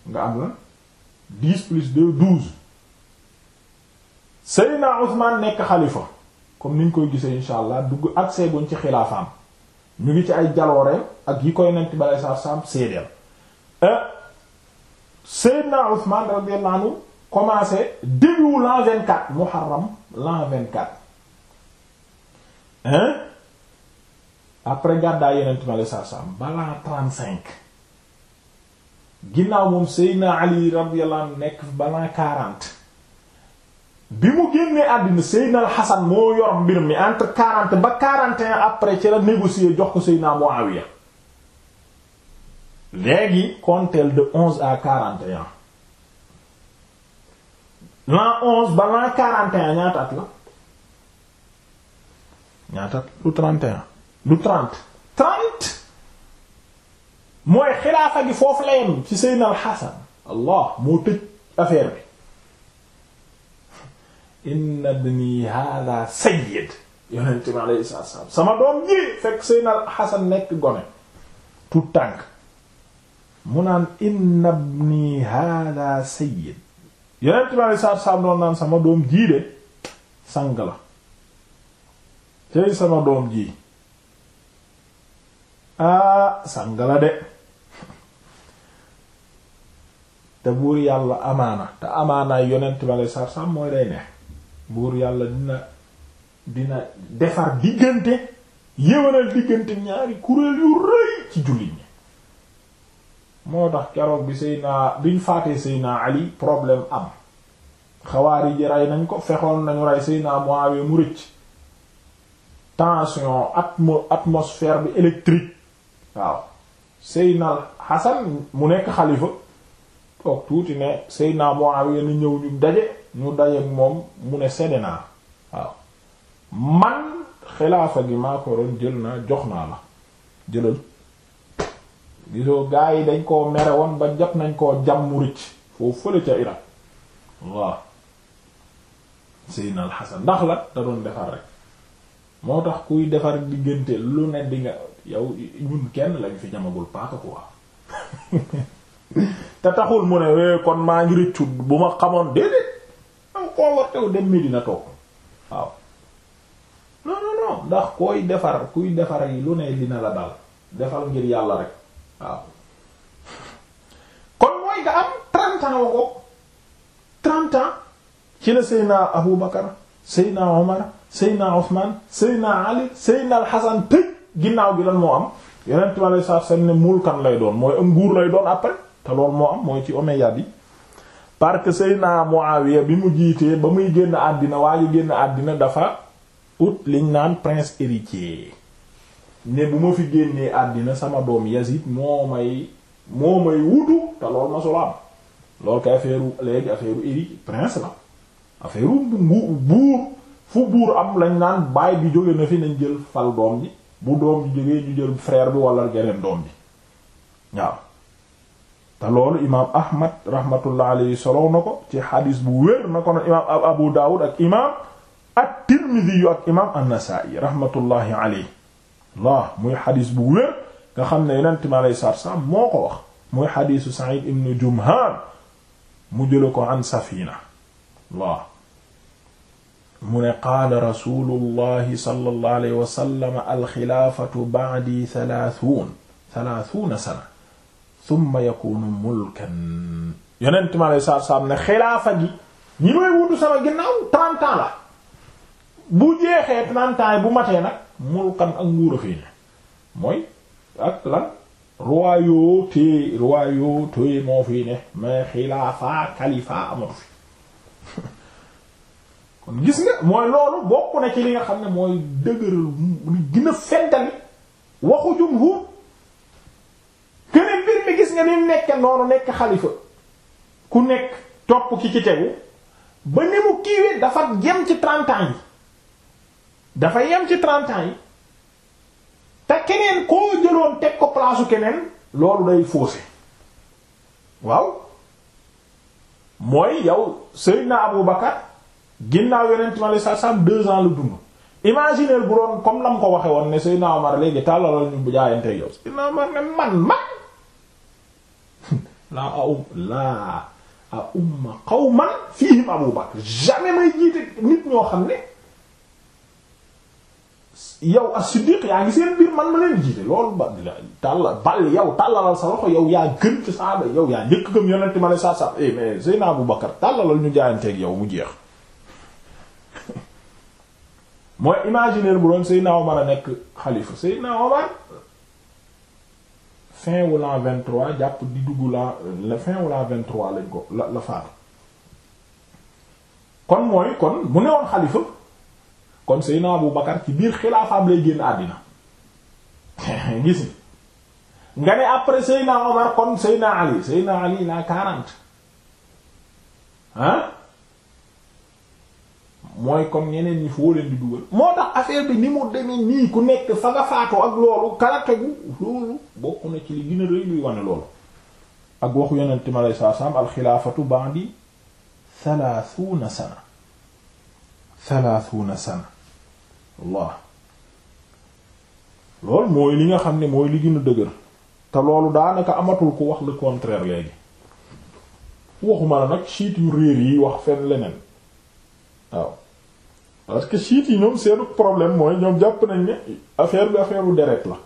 nga am lan 10 plus 2 12 Seydina Ousmane nekk xalifa comme niñ koy gisee insha allah dugg accès buñ ci xilaafaam ñu ngi ci ay jalooreem ak yi koy nent balay sa sam seedeel euh, Seydina Ousmane radiyallahu anhu commencé début l'an 24 Muharram l'an 24 hein après gàddaay yonent ma la saa saam ba l'an 35 ginnaaw moom Seydina Ali radiyallahu anhu nekk ba l'an bi mu génnee àddina Seydina al moo yor mbir mi entre quarante ba quarante après ci la négocier jox ko Seydina Muawiya léegi compteel de onze à quarante et un l'an onze ba l'an la ñaata trente trente mooy xilaafa gi foofu la yem ci Seydina al Allah moo tëj affaire bi inna ibni hada sayyid yonent mi alayhi sama doom ji fekk Seydina Hasan nekk gone tout mu naan inna ibni hada sayyid yonent mi alayhi salaam naan sama doom ji de sang la sama doom ji aa ah, sang de te buur yàlla amaana te amaanaay yonent mi alayhi mooy day neex buur yàlla dina dina defar diggante yéwénal diggante ñaari kuréel yu rëy ci jullit ñi moo tax keroog bi Seyna biñ faatee Seyna Ali problème am xawaari ji rey nañ ko fexoon nañu rey Seyna Muawiya mu rëcc tension atmo atmosphère bi électrique waaw Seyna Hasan mu nekk xalifa toog tuuti ne Seyna Muawiya ni ñëw ñu daje ñu dajeek moom mu ne sede naa waaw man xilaafa gi maako ko jël naa jox naa la jëlal gisoo gaa yi dañ koo mere woon ba jot nañ koo jam mu rëcc foofu fële ca Irak waaw Seydina Hasan ndax la da doon defar rek moo tax kuy defar diggante lu ne di nga yow ñun kenn lañ fi jamagul paaka quoi te taxul mu ne eh, kon maa ngi rëccu bu ma xamoon déedéet converti wu dem Medina toog waaw non non non ndax koy defar kuy defar yi lu ne dina la dal defal ngir yàlla rek waaw kon mooy nga am trente ans woo ko trente ans ci la Seyna Abu Bakar Seyna Omar Seyna Othman Seyna Ali Seyna al tëj ginnaaw gi lan moo am yeneen time a lay saaf seen ne mulkan lay doon mooy nguur lay doon après te loolu moo am mooy ci Omeyyades yi parce que naa Muawiya bi mu jiitee ba muy génn àddina waaye génn àddina dafa ut liñ naan prince héritier ne bu ma fi génnee àddina sama doom Yazid moo may moo may wutu te loolu ma solo am loolu kay affaire léegi affaire prince la affaire bu buur fu buur am lañ naan baay bi jóge na fi nañ jël fal doom bi bu doom bi jógee ñu jël frère bi walla geneen doom bi waaw te loolu imaam ahmad rahmatullah alayhi solow na ko ci xadis bu wér na ko na imaam abu dawud ak imaam at-tirmidhi yu ak imaam an-nasa'i rahmatullahi alayhi la muy xadis bu wér nga xam ne yonent mi alayhi salaatu salaam moo ko wax muy xadisu sa'id ibn jumhan mu jële ko an safina la mu ne qaala rasulullahi sallallahu alayhi wa sallam al-xilaafatu ba'di thalaathuuna thalaathuuna sana thumma yakunu mulkan yonent ma lay saar saam ne xilaafa gi ñi may wutu sama ginnaaw trente ans bu jeexee trente ans yi bu matee nag mulkan ak nguur a fii ne mooy ak lan royauté royauté moo fii ne mais xilaafa kalifa amatu fi kon gis nga mooy loolu bokk na ci li nga xam ne mooy dëgëral li gën waxu jumhur keneen mbir gis nga ni nekke noonu nekk xalifa ku nekk topp ki ci tegu ba ni mu kiiwee dafa yem ci trente yi dafa yem ci trente ans yi te keneen koo jëloon teg ko palaasu keneen loolu day faussé waaw mooy yow Seydina Abou Bakar ginnaaw yonent mi aleyhi salaatu salaam deux ans la dund imaginer bu doon comme la mu ko waxe woon ne Seydina Omar léegi tàllalal ñu bu jaayante yow Seydina Omar ne man man laa aw laa a umma qawman fihim Abu Bakr jamais may jiite nit ñoo xam ne yow a siddiq yaa ngi seen biir man ma leen jiite loolu ba tàll bal yow tàllalal sa loxo yow yaa gën ci saaba yow yaa njëkk gëm yonente ma la sa sa eh mais Seydina Abu Bakr tàllalal ñu jaayanteeg yow mu jeex mooy imaginaire bu doon Seydina Omar a nekk xalifa Seydina Omar fin wu l'an vingt-trois jàpp di dugg la euh, fin wu vingt-trois lañ ko la la faatu kon mooy kon bu ne woon xalifa kon Seydina Abu Bakar ci biir xilaafaam lay génn àddina gis ni nga ne après Seydina Omar kon Seydina Ali Seydina Ali la quarante ah mooy comme ñeneen ñi foo leen di dugal moo tax affaire bi ni mu demee nii ku nekk fa nga faatoo ak loolu kala tegu loolu bokk na ci li gën a rëy luy wane loolu ak waxu yonent mi aleyhi salaatu salaam alxilaafatu ba'di thalaathuuna sana thalaathuuna sana Allah loolu mooy li nga xam ne mooy li gën dëgër te loolu daanaka amatul ku wax le contraire léegi waxuma la nag siit yu réer yi wax fenn leneen waaw parce que chiites yi ñoom seenu problème mooy ñoom jàpp nañ ne affaire bi affaire u deret la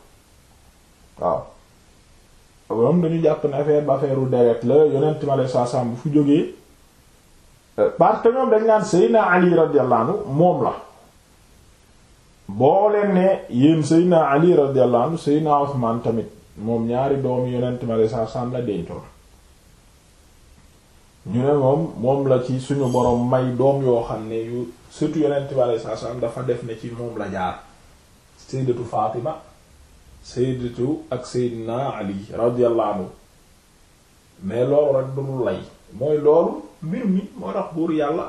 waaw ñoom dañu jàpp ne affaire bi affaire u deret la yonent mi aleyhi salaatu bu fu jógee parce que moom dañ naan Seydina Ali radiyallahu anhu moom la boo tamit moom ñaari doomu yonent mi aleyhi salaatu salaam la ñu ne moom moom la ci suñu borom may doom yoo xam ne yu surtout yonent bi alayhi salaam dafa def na ci moom la jaar sayyidatu Fatima sayyidatu ak sayyidina Ali radiyallahu anhu mais loolu rek dul lay mooy loolu mbir mi moo tax buur yàlla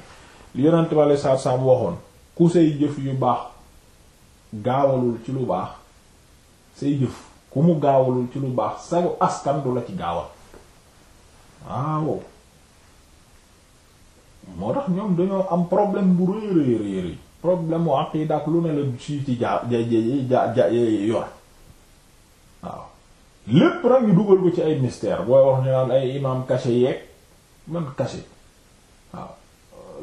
li yonent bi alayhi salaam waxoon ku say jëf yu baax gaawalul ci lu baax say jëf ku mu gaawalul ci lu baax sayu askan du la ci gaawal waaw moo tax ñoom dañoo am problème bu rëy rëy rëy rëy problème mu aqiida ak lu ne la sii ci jaa ja ja yor waaw lépp rek ñu dugal ko ci ay mystère booy wax ñu naan ay imam kase yeeg man caché waaw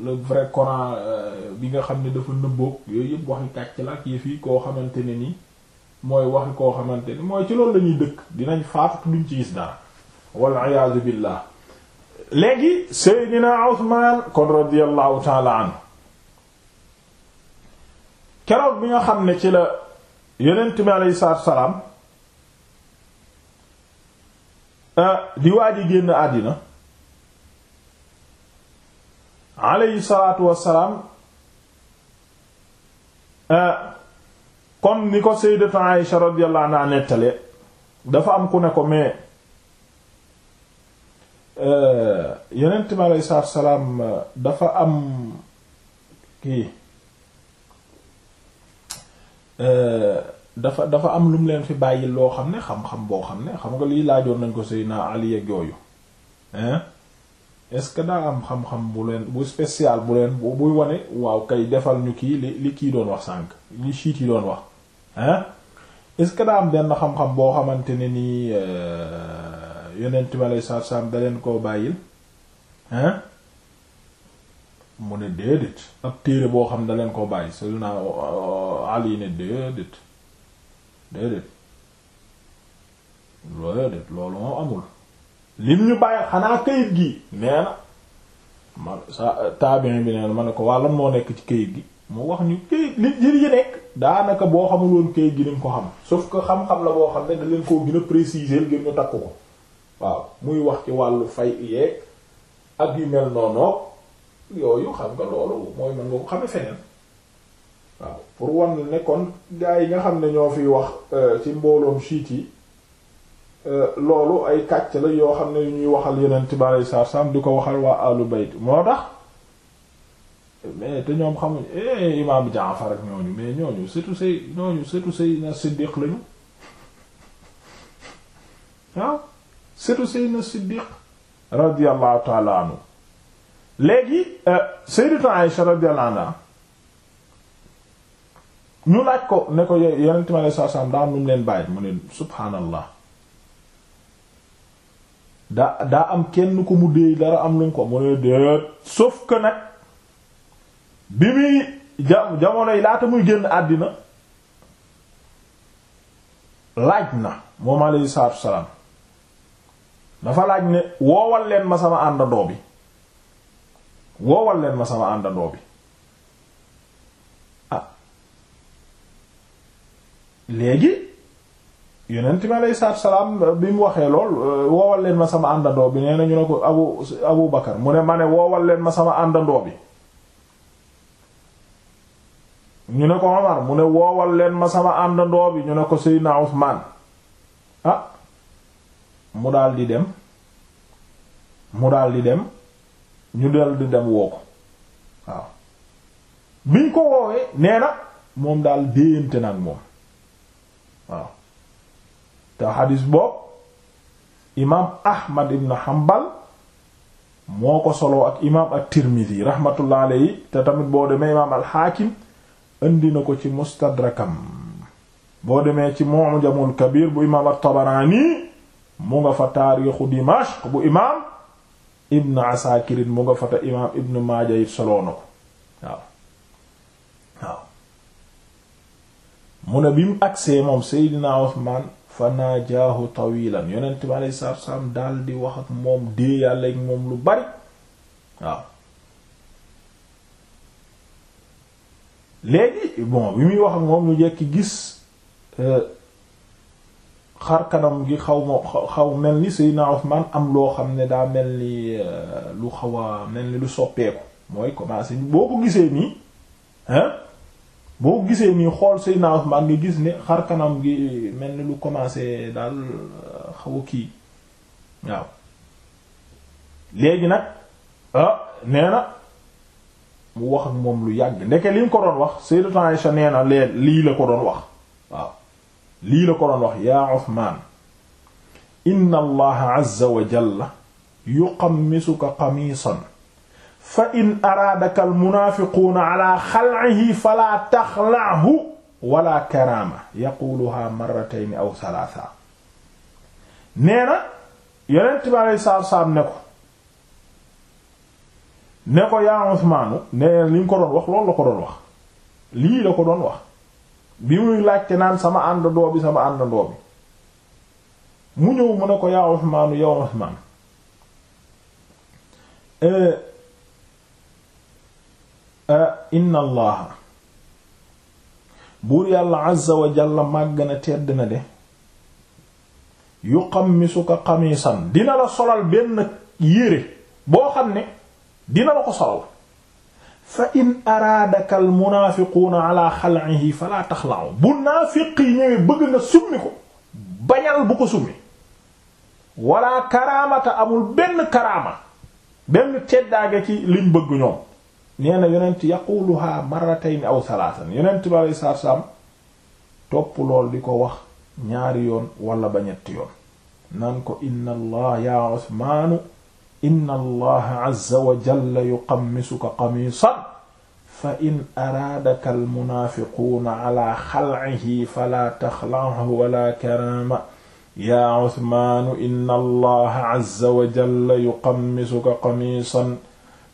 le vrai Coran euh, bi nga xam ne dafa nëbboog yooyu yëpp waxi kàcc la ak yëf yi koo xamante ne ni mooy waxi koo xamante ni mooy ci loolu lañuy dëkk dinañ faatu duñ ci gis dara wal iyaazu billah léegi Seydina Usmaan kon radiyallahu taala anhu keroog bi nga xam ne ci la yonent bi aleyhi salaatu salaam ah, di waa ji génn àddina aleyhi salaatu wassalaam kon ah, ni ko Sayyidatu Aïsha radiyallahu anha nettale dafa am ku ne ko mais Euh, yonent bi aleyhi salaatu salaam euh, dafa am kii euh, dafa dafa am lu mu leen fi bàyyi loo xam ne xam-xam boo xam ne xam nga lii laajoon nañ ko Seydina Ali ak yooyu hein est-ce que daa am xam-xam bu leen bu spécial bu leen bu buy wane waaw kay defal ñu kii li li kii doon wax sànq li siit yi doon wax hein est-ce que daa am benn xam-xam boo xamante ne nii. yeneen bi aleyhi salaatu salaam da leen koo bàyyil hein mu ne déedéet ab téere boo xam ne da leen koo bàyyi Seydina uh, uh, Ali ne déedéet déedéet loolu déet amul lim ñu bàyyi xanaa kayit gi nee na man sa taabin bi nee na ma ko waa lan moo nekk ci kayit gi mu wax ñu kayit li jër yi nekk daanaka boo xamul woon kayit gi ni nga ko xam sauf ko xam-xam la boo xam ne da leen koo gën a préciser ngir ñu takk ko waaw muy wax ci wàllu fay yeeg ak yu mel noonu yooyu xam nga loolu mooy mën nga ko xame feneen waaw pour wan ne kon gaa yi nga xam ne ñoo fi wax euh, ci mbooloom siit yi euh, loolu ay kàcc la yoo xam ne yu ñuy waxal yeneen bi aleyhi salaatu salaam di ko waxal waa alu bayt moo tax mais te ñoom xamuñ eh imaam Jaafar ak ñooñu mais ñooñu surtout say ñooñu surtout say na Siddiq lañu ah? setu Seydina Siddiq radiyallahu taala anhu léegi euh, Sayyidatuna Aïsha radiyallahu anha ñu laaj ko ne ko yonent mi alayhi salaatu salaam daa am nu mu leen bàyyi mu ne subhaanallah daa daa am kenn ko mu déey dara am lu mu ko mu ne déet sauf que bi muy ja jamono yi laata muy génn àddina laaj na moom alayhi salaatu salaam dafa laaj ne woowal leen ma sama àndandoo bi woowal leen ma sama àndandoo bi ah léegi yonent mi alayhi salaatu salaam euh, bi mu waxee lool euh, woowal leen ma sama àndandoo bi nee na ñu ne ko abu abu bakar mu ne ma ne woowal leen ma sama àndandoo bi ñu ne ko Omar mu ne woowal leen ma sama àndandoo bi ñu ne ko Seydina Usmaan ah mu daal di dem mu daal di dem ñu dal di dem woo ko waaw biñ ko woowee nee na moom daal déeyante nag moom waaw te xadis boobu imaam Ahmad ibn Hanbal moo ko soloo ak imaam at-Tirmidhi rahmatullah alayhi te tamit boo demee imaam al-Hakim indi na ko ci mustadrakam boo demee ci Mu'jamul Kabir bu imaam at-Tabarani mu nga fa taarixu Dimashq bu imaam Ibn Asakir mu nga fa te imaam Ibn Maaja it soloo ko waaw waaw mu ne bi mu agsee moom Seydina Usmaan fa najaahu tawilan yonent bi alayhi salaatu salaam di wax ak moom dee yàlla ak moom lu bari waaw léegi bon bi muy wax ak moom ñu jekki gis. Euh, xar kanam gi xaw ma xaw mel ni Seydina Ousmane am loo xam ne daa mel ni euh, lu xaw a mel ni lu soppeeku mooy commencé boo ko gisee nii hein boo ko gisee nii xool Seydina Ousmane ngi gis ni xar kanam gi mel ni lu commencé daal euh, xaw kii waaw léegi nag ah nee mu wax ak moom lu yàgg ndeke li mu ko doon wax Sayyidatu Aïsha nee na lee lii la ko doon wax waaw. lii la ko doon wax yaa Uthman inna allaha azza wa jalla yuqammisuka qamiisan fa in araadaka almunaafiquuna ala xalcihi fala taxlachu wala karaama yaquluha marratayni aw salaasa nee na yonent bi alei saatu salaam ne ko ne ko yaa Usmaanu nee ko doon wax loolu la ko doon wax bi muy laajte naan sama àndandoo bi sama àndandoo bi mu ñëw mu ne ko yaa Usmaanu yaa Usmaan eh, eh, inna allaha buur yàlla azza wa jalla màgg na tedd na de yuqammisuka qamisan dina la solal benn yére boo xam ne dina la ko solal fa in araadaka al munaafiquuna ala xal'ihi fala taxla'u bu naafiq yi ñëwee bëgg nga summi ko bañal bu ko summi wala karaamata amul benn karaama benn teddaage ci liñ bëgg ñoom nee na yonent yaquluha marratayn aw salaatan yonent bi alei saatu salaam topp lool di ko wax ñaari yoon wala ba ñetti yoon naan ko inna allah ya usmaanu inna allaha azza wa jalla yuqammisuka qamiisan fa in araadaka almunaafiquuna ala xalcihi falaa taxlachu wala karaama yaa Usmaanu inna allaha azza wa jalla yuqammisuka qamiisan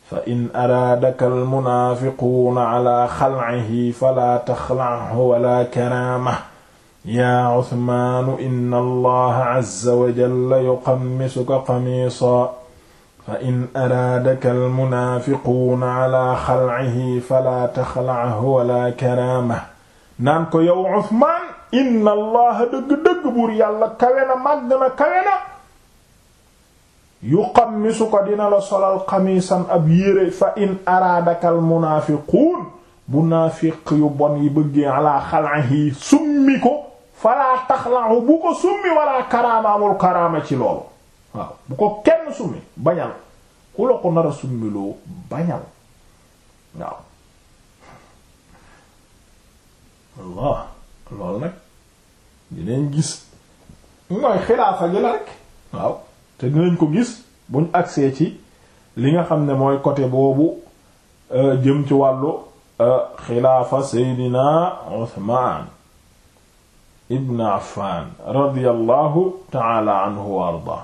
fa in araadaka almunaafiquuna ala xalcihi falaa taxlachu wala karaama yaa Usmaanu inna allaha azza wa jalla yuqammisuka qamiisan fa in araadaka almunaafiquuna ala xalcihi falaa taxlachu wala karaama naan ko yow Usmaan inna allaha dëgg-dëgg buur yàlla kawe na màgg na kawe na yuqammisu ko dina la solal xamiisan ab yére fa in araadaka almunaafiquun bu naafiq yu bon yi bëggee ala xalcihi summi ko falaa taxlachu bu ko summi wala karaama amul karaama ci loolu waaw bu ko kenn summi bañal ku la ko nar summiloo bañal waaw Allah loolu nag dinañ gis mooy xilaafa gi rek waaw te dinañ ko gis buñ agsee ci li nga xam ne mooy côté boobu euh, jëm ci wàllu euh, xilaafa Seydina Uthman ibn Affan radiyallahu ta'ala anhu wa arda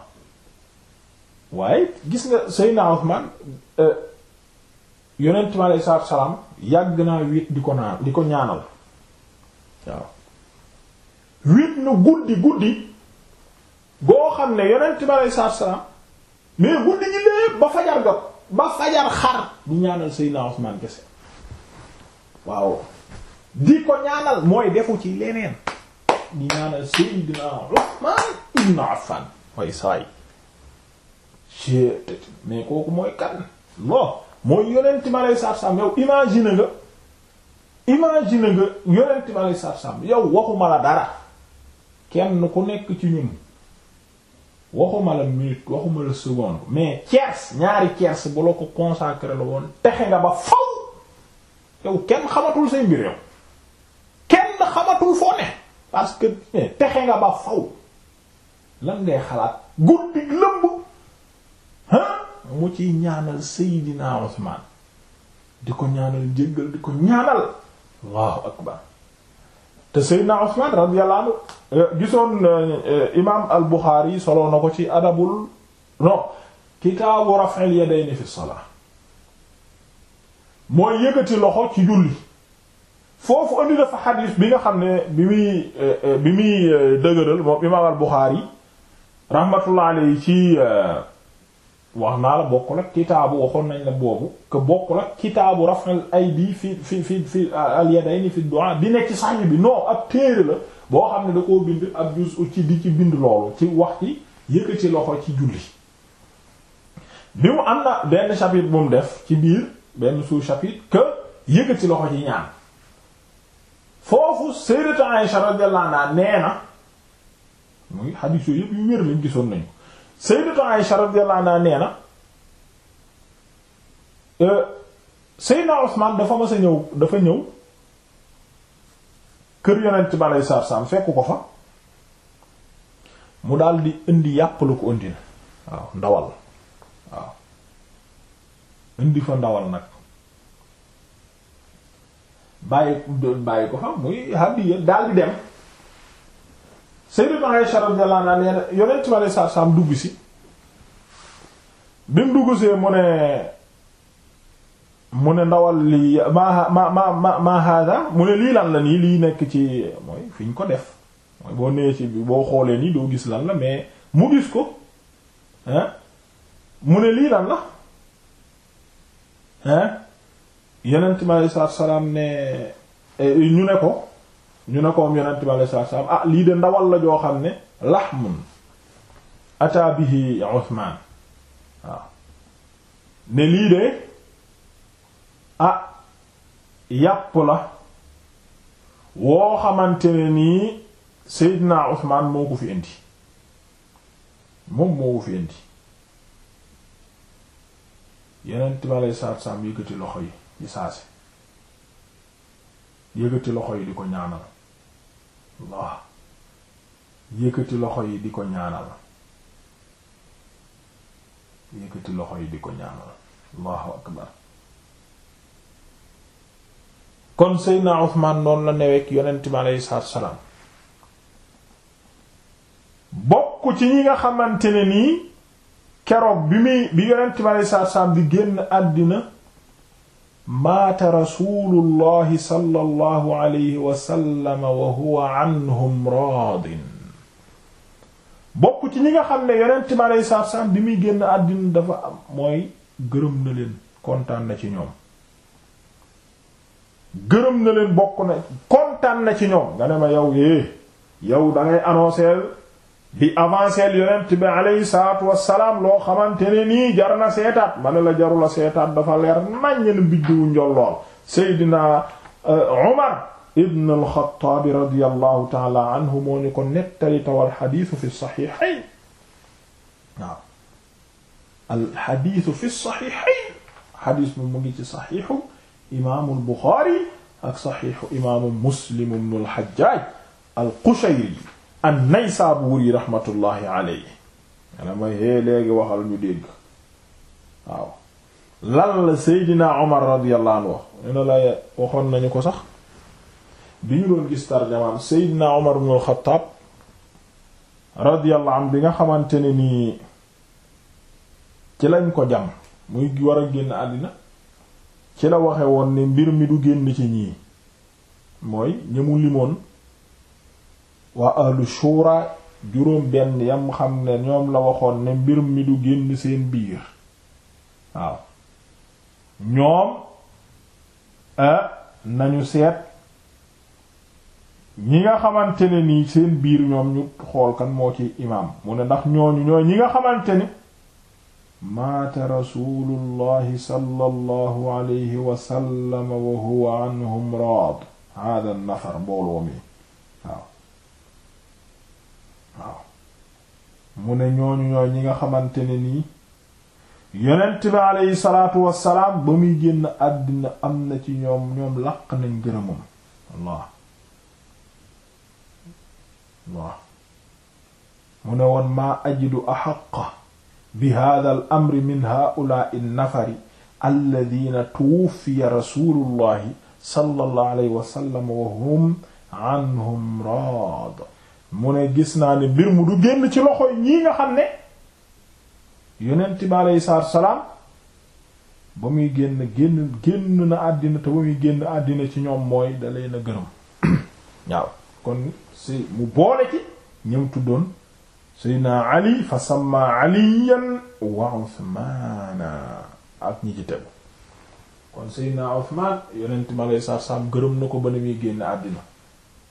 waaye gis nga Seydina Usmaan euh, yonent mi aleyhi salaam yàgg naa wéet di ko naan di ko ñaanal waaw wéet na guddi guddi boo xam ne yonent mi aleyhi salaatu wa salaam mais guddi gi lépp ba fajar jot ba fajar xar di ñaanal Seydina Usmaan kese waaw di ko ñaanal mooy defu ci leneen di ñaanal Seydina Usmaan ibn Affan way saay ci mais kooku mooy kan bon mooy yonent ma aleyhi salaatu salaam yow imagine nga imagine nga yonent mi aleyhi salaatu salaam yow waxuma la dara kenn ku nekk ci ñun waxuma la minute waxuma la seconde mais tiers ñaari tiers bu la ko consacré la woon texe nga ba faw yow kenn xamatul say mbir yow kenn xamatul foo ne parce eh, texe nga ba faw lan ngay xalaat guddi lëmb mu ci ñaanal Seydina Usmaan di ko ñaanal jéggal di ko ñaanal Allahu akbar te Seydina Usmaan radiyallahu anhu eh, gisoon eh, imaam al Buxaari na ko ci adabul non kitaabu raf'il yadayni fi salaa mooy yëkkati loxo ci julli foofu andi dafa xadiis bi nga xam ne bi muy eh, bi muy dëgëral moom imaam al Buxaari rahmatullah ci wax naa la bokkul ak kitaabu waxoon nañ la boobu que bokk ak kitaabu raf'al aydi fi fi fi fi al yadayni fi du'a bi nekk ci sax bi non ak téere la boo xam ne da koo bind ab juz'u ci di ci bind loolu ci wax ci yëkkati loxo ci julli. bi mu am na benn chapitre bu def ci biir benn sous-chapitre loxo ci ñaan foofu nee na muy hadith yooyu yëpp yu wér lañ gisoon nañu. sayyidatu Aisha radiyallahu anha nee na euh, Seydina dafa mas a ñëw dafa ñëw kër yonent bi aleyhi salaatu salaam ko fa mu daal di indi yàpp lu ko indi na waaw ndawal waaw indi fa ndawal nag bàyyi bàyyi ko fa muy hadiya daal di dem Sayyidatu Aisha radiyallahu anha nee na yonent bi alayhi salaatu salaam dugg si bi mu dugg see mu ne mu ne ndawal lii ma ma ma ma ma hada mu ne lii lan la nii lii nekk ci mooy fi ñu ko def boo nee ci boo xoolee nii doo gis lan la mais mu gis ko hein mu ne lii lan la hein yonent bi alayhi salaatu salaam ne eh, ñu ne ko ñu ne ko moom yonent bi alei satu salaam ah lii de ndawal la joo xam ne lahmun ata bihi Usmaan waaw ne lii de ah yàpp la woo xamante ne nii Seydina Usmaan moo ko fi indi moom moo ko fi indi yonent bi alei satu salaam yëkkati loxo yi ci saase yëkkati loxo yi di ko ñaanal Allah yëkkati loxo yi di ko ñaanal yëkkati loxo yi di ko ñaanal Allahu akbar kon Seydina Usmaan noonu la neweek yonent bi aleyhi salaatu salaam bokk ci ñi nga xamante ne nii keroog bi muy bi yonent bi aleyhi salaatu salaam di génn àddina maata rasulullahi sallallahu alayhi wa sallam wa huwa anhum raadin bokk ci ñi nga xam ne yonent mi alayhi salaatu bi muy génn àddina dafa am mooy gërëm na leen kontaan na ci ñoom gërëm na leen bokk na kontaan na ci ñoom nga ne ma yow eh yow da ngay di avancer yonent bi aleyhi salaatu wassalaam loo xamante ne nii jar na seetaat ma ne la jarula seetaat dafa leer naññ na biddiwu njollool Seydina euh, Umar ibn al-Khattab radiyallahu taala anhu moo ñu ko nettali tawal xadiisu fi saxiixayn waaw al xadiisu fi saxiixayn xadiis bi mu ngi ci saxiixu imaamu Buxaari ak saxiixu imaamu Muslim ibn al-Hajjaaj al-Qushayri an-Naysaburi rahmatullahi alayhi mane ma hée léegi waxal ñu dégg waaw lan la Seydina Omar radiyallahu anhu wax ñu ne la waxoon nañu ko sax bi ñu doon gis tarjamaan Seydina Omar ibn al-Khattab radiyallahu anhu bi nga xamante ne nii ci lañ ko jam muy war a génn àddina ci la waxe woon ne mbir mi du génn ci ñii mooy ñëmu limoon waa ahlu shura juróom benn yam xam ne ñoom la waxoon ne mbir mi du génn seen biir waaw ñoom ah, nañu seet ñi nga xamante ne nii seen biir ñoom ñu xool kan moo ci imaam mu ne ndax ñooñu ñooy ñi nga xamante ni maata rasulullahi sallallahu alayhi wa wa huwa anhum raad hada nafar mbooloo mi mu ne ñooñu ñooy ñi nga xamante ne nii yonent bi aleyhi salaatu wassalaam ba muy génn àddina am na ci ñoom ñoom laq nañ gërëmam Allah Allah mu ne woon maa ajidu axaqa bi hada al amri min haulai nnafari alladina tuwuffiya rasulullahi sallallahu alayhi wa sallam wa hum anhum raad mu ne gis naa ne mbir mu du génn ci loxoy ñii nga xam ne yonent bi aleyhi salaatu salaam ba muy génn génn génn na àddina te ba muy génn àddina ci ñoom mooy da leen gërëm waaw kon si mu boole ci ñëw tuddoon seydna ali fa samma aliyan wa uthmaana ak ñi ci tegu kon si uthman yonent bi ma salaatu salaam gërëm na ko ba ni muy génn àddina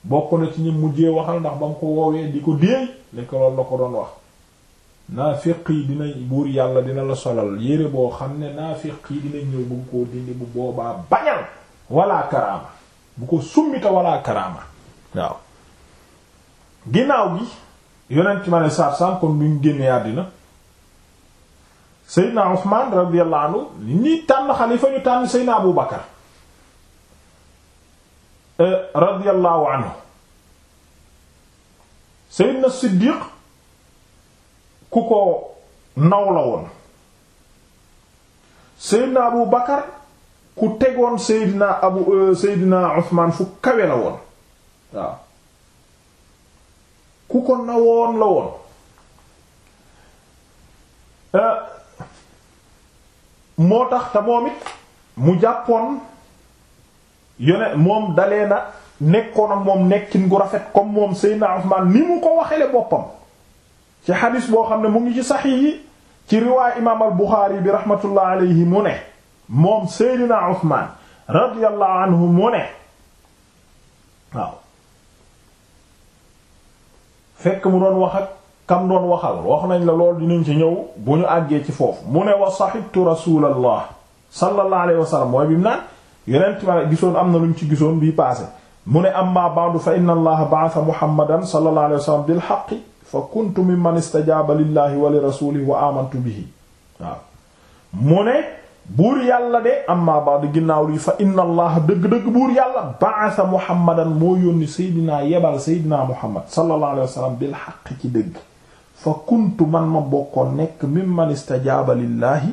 bokk na ci ñi mujjee waxal ndax ba mu ko woowee di ko déey lekk loolu la ko doon wax naa naafiq yi dina buur yàlla dina la solal yére boo xam ne naafiq yi dina ñëw bu ko dindi bu boobaa bañal wala karaama bu ko summita wala karaama waaw ginnaaw gi yonent ma ne saar kon bu ñu génnee àddina seydna Usmaan radiyallahu anhu ni tànn xalifa ñu tànn seydna Abu Bakar Euh, radiyallahu anhu Seydina Siddiq ku ko naw woon Seydina Abu Bakar ku tegoon Seydina Abu euh, Seydina Usmaan fu kawe woon ku ko nawoon la woon euh, moo tax te moom mu jàppoon yone moom dalee na nekkoon ak moom nekkin gu rafet comme moom Seydina Usmaan ni mu ko waxele boppam ci xadis boo xam ne mu ngi ci saxiix yi ci riwaay imaam al Buxaari bi rahmatullah alayhi mu ne moom Seydina Usmaan radiyallahu anhu mu ne waaw fekk mu doon wax ak kam doon waxal wax nañ la lool di dinañ ci ñëw bu ñu àggee ci foofu mu ne wa saxibtu rasulallah sallallahu alayhi wa sallam mu naan yonent ma gisoon am na lu ñu ci gisoon bi passé mu ne amma ba'du fa inna allaha ba'atha muhammadan sallallahu alayhi wa sallam bil haqqi fa kuntu mimman istajaaba lillahi wa wa amantu bihi waaw mu ne buur yàlla de amma ba'du ginnaaw lii dëgg-dëgg buur yàlla ba'atha muhammadan moo yónni seydinaa yebal seydinaa muhammad sallallahu alayhi wa sallam bil haqqi man ma bokkoon nekk mimman istajaaba lillahi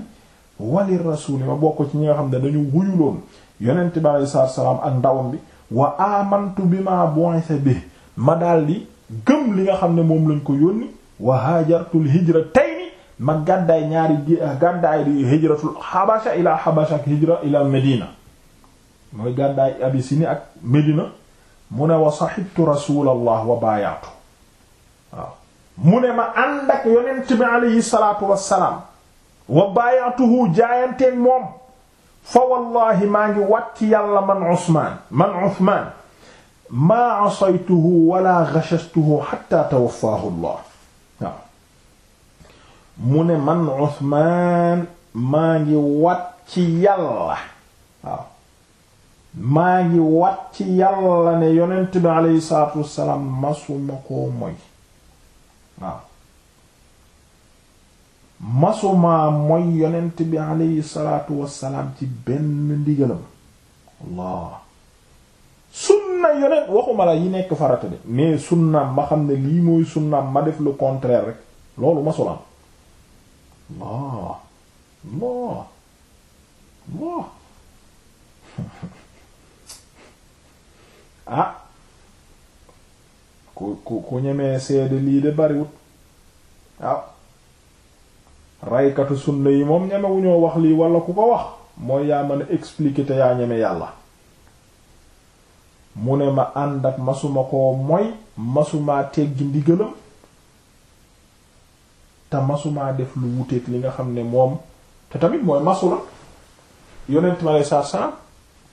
wa li rasulihi ma bokk ci ñi nga xam ne dañu wuyuloon yonent bi aleyhi salaatu salaam ak ndawam bi wa amantu bi ma bu'itha bi ma daldi gëm li nga xam ne moom lañ ko yónni wa haajartul hijratayni ma gàddaay ñaari ah, gàddaay di hijratul habasha ila habasha ak hijra ila medina mu ne wa sahibtu rasulallah wa baayaatu mu ne ma ànd ak bi aleyhi salaatu wassalaam wa baayaatuhu jaayanteen moom fa wallahi maa ngi wat ci yàlla man Usmaan man Usmaan maa asaytuhu wala ghashastuhu hatta tawaffaahu Allah waaw mu ne man Usmaan maa ngi wat ci yàlla waaw maa ngi wat ci yàlla ne yonent bi aleyhi salaatu wassalaam masuma koo moy waaw masumaa mooy yonent bi aleyhi salaatu wassalaam ci benn ndigalam Allah sunna yonent waxuma la yi nekk farata de mais sunnaam ma xam ne lii mooy sunnaam ma def le contraire rek loolu masulaam Allah Allah Allah ah ku ku ku ñemee seede lii de bariwut waaw ah. raykatu sunna yi moom ñemewuñoo wax lii wala ku ko wax mooy yaa mën a expliquer te yaa ñeme yàlla mu ne ma ànd ak masuma koo moy masumaa teggi ndigalam te masumaa def lu wuteeg li nga xam ne moom te tamit mooy masu la yonent ma lay saa saa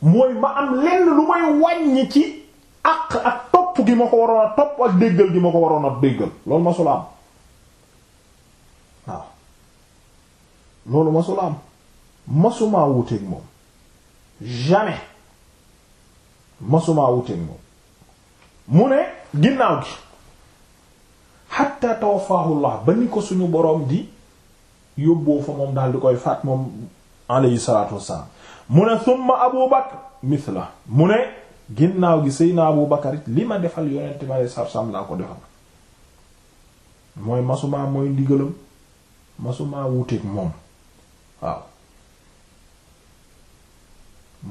mooy ma am lenn lu may wàññi ci àq ak topp gi ma ko waroon a topp ak déggal gi ma ko waroon a déggal loolu masula am loolu masula am masumaa wuteeg moom jamais masumaa wuteeg moom mu ne ginnaaw gi xatta tawafaahullah ba ni ko suñu boroom di yóbboo fa moom daal di koy faat moom alayhi salaatu wassalaam mu ne summa abu bakar mithla mu ne ginnaaw gi seyna abu bakar it li ma defal yonent ma lay laa ko defal mooy masumaa mooy ndigalam masumaa wuteeg moom waaw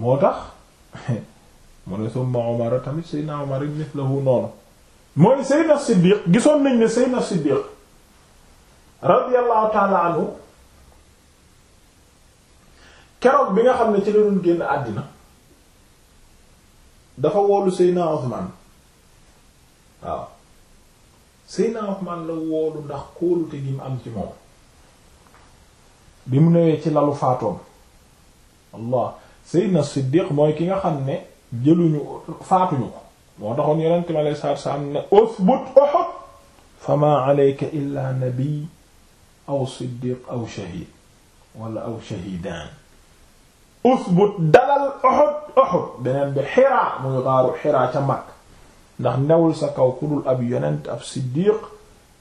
moo tax mu ne summa Umar tamit Seydina Umar mithluhu noonu mooy Seydina Siddiq gisoon nañ ne Seydina Siddiq radiyallahu ta'ala keroog bi nga xam ne ci la génn àddina dafa woolu Seydina Usmaan waaw Seydina Usmaan la woolu ndax kóolute gi mu am ci moom bi mu newee ci lalu faatoom allah Seydina Siddiq mooy ki nga xam ne jëluñu faatuñu ko moo taxoon yonent mi alayhi salaatu ne usbut Uhud famaa alayka illaa nabiy aw siddiq aw shahid wala aw shahidaan usbut dalal Uhud Uhud beneen bi Hira muy xaaru Hira ca mag ndax newul sa kaw ku dul ab yonent ab siddiq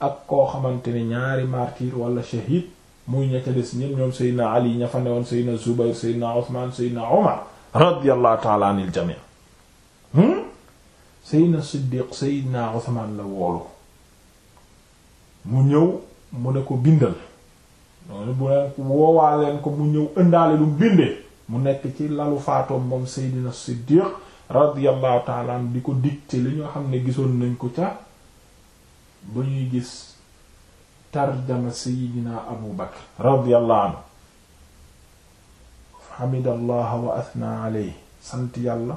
ak koo xamante ne ñaari martyr wala shahid muy ña ca des ñépp ñoom seydna ali ña fa newoon seydna zubayr seydna uthman seydna umar radiyallahu ta'ala anil jami' hmm? siddiq seydna uthman la woolu mu ñëw mu ne ko bindal noonu ko mu ñëw mu nekk ci lalu faatoom moom seydna siddiq radiyallahu ta'ala an di ko dicté li ñoo xam ne gisoon nañ ko ca ba ñuy gis tarjama seydina abu bakr radiyallahu anhu xamidallaha wa athna alayhi sant yàlla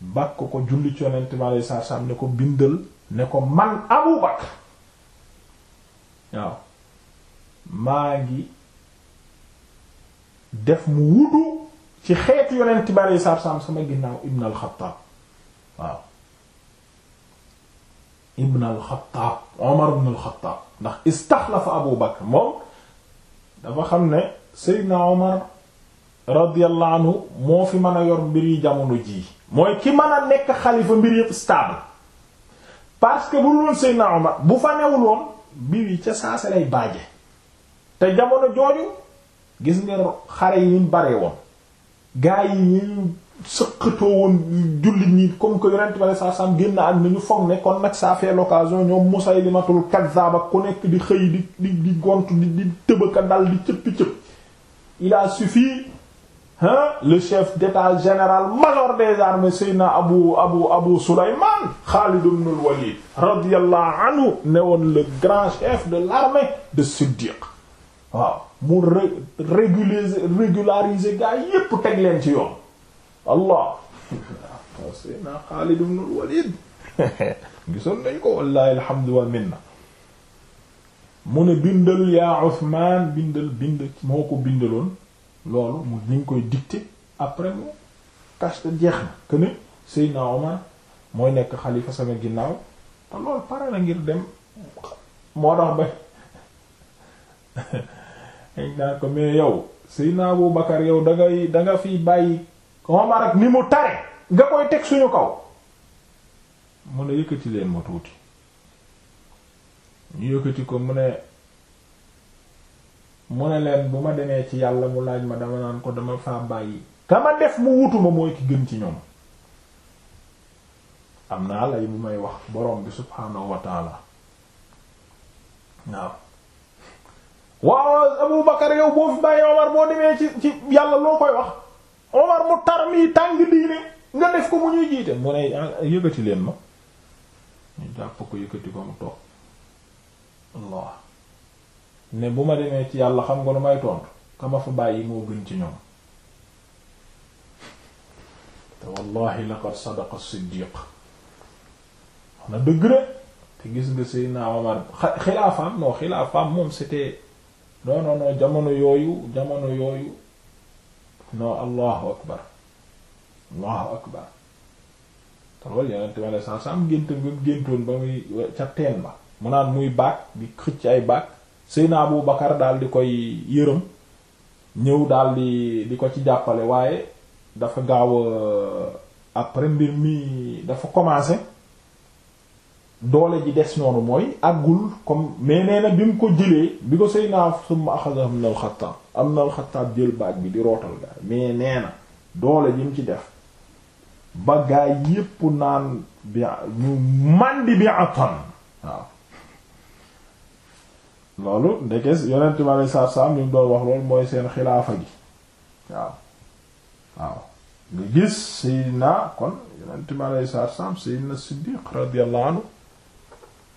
bàkk ko julli ci yonent bi alayhi salaatu salaam ne ko bindal ne ko man abu bakr waaw maa ngi def mu wudu ci xeetu yonent bi alayhi salaatu salaam sama ginnaaw ibn al waaw ibn al-Xattaab Omar ibn al-Xattaab ndax istaxlafa Abu Bakr moom dafa xam ne Seydina Omar radiyallahu anhu moo fi mën a yor mbir yi jamono jii mooy ki mën a nekk xalifa mbir yëpp stable parce bu dul woon Omar bu fa newul woon mbir yi ca saase lay baaje te jamono jooju gis nga xare yi ñu bare woon gaa yi ñu sëqatoo woon jullit ñi comme que yonent bi alei sat selaam génn àddina ñu foog ne kon nag ça fait l'occasion ñoom Musaylimatul Kazzab ak ku nekk di xëy di di di gont di di tëbaka dal di cëppi-cëpp il a suffi hein le chef d'état général major des armées Seydina Abu Abu Abu Sulayman Khalid ibn al-Walid radiyallahu anhu ne woon le grand chef de l'armée de Siddiq waaw mu régulariser régulariser gaa yépp teg leen ci yoon allah waaw Seydina Xaalid ibn al gisoon nañ ko wallahi alhamdu wal minna mu ne bindal yaa Usmaan bindal bind moo ko bindaloon loolu mu ñu koy dicté après mu kasta jeex na que ne Omar mooy nekk xalifa sama ginnaaw te loolu pare na ngir dem moo tax ba dañ ko mais yow Seydina Abu Bakar yow da ngay da bàyyi Omar ak ni mu tare nga koy teg suñu kaw mu ne yëkkati leen ma tuuti ñu yëkkati ko mu ne mu ne leen bu ma demee ci yàlla mu laaj ma dama naan ko dama faa bàyyi te ma def mu wutuma mooy ki gën ci ñoom am naa lay bu may wax borom bi subhaanahu wa taala waaw waaw Abu Bakar yow boo fi bàyyi Omar boo demee ci ci yàlla loo koy wax Omar mu tar mii tàng diine nga def ko mu ñuy jiite mu ne ah, yëgati leen ma ñu jàpp ko yëkkati ko mu toog Allah ne bu ma demee ci yàlla xam nga lu may tontu ka ma fa bàyyi moo gën ci ñoom te wallahi laqad sadaqa siddiq na dëgg de te gis nga Seydina Omar xilaafaam moom c'était non non non jamono yooyu jamono yooyu non allahu akbar allahu akbar te loolu yeneen tamit saa saa am géntam nga géntoon ba muy ca teen ba mu naan muy baag di xëcc ay baag Seyna Abu Bakar daal di koy yërëm ñëw daal di di ko ci jàppale waaye dafa gaaw a après mbir mi dafa commencé. doole ji des noonu mooy àggul comme mais nee na bi mu ko jëlee bi ko sëy naa summa axada am na alxataab am na alxataab jël baag bi di rootal gaa mais nee na doole ji mu ci def ba gaa yépp naan bi ñu màndi bi atam waaw loolu ndekes yonent bi alei satu salaam li doon wax loolu mooy seen xilaafa gi waaw waaw nga gis sayyidina kon yonent bi alei satu salaam sayyidina siddiq radiyallahu anhu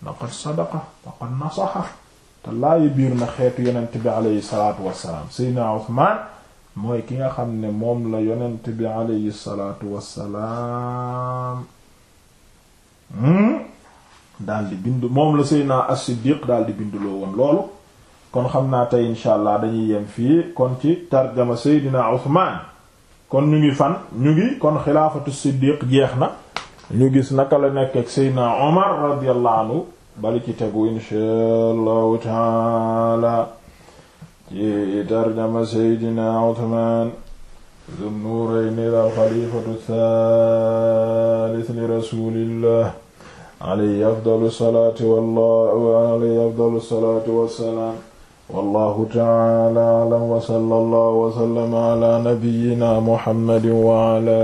laqad sadaqa laqad nasaxa te laayi biir na xeetu yonent bi aleyhi salaatu wassalaam seydna Usmaan mooy ki nga xam ne moom la yonent bi aleyhi salaatu wassalaam hmm, daal di bind moom la seydna as-Siddiq daal di binduloo woon loolu kon xam naa tey insha allah dañuy yem fii kon ci tarjama seydna Usmaan kon ñu ngi fan ñu ngi kon xilaafatu Siddiq jeex na ñu gis naka la nekk ak seydna omar radiyallahu anhu bali ci tegu insha allahu taala ci tarjama seydna uthman zun nurayni al xalifatu thalith li rasulillah alayhi afdalu salaatu wallah alayhi afdalu salaatu wassalaam wallahu taala alam wa sallallahu wa sallama ala nabiyyina muhammadin wa ala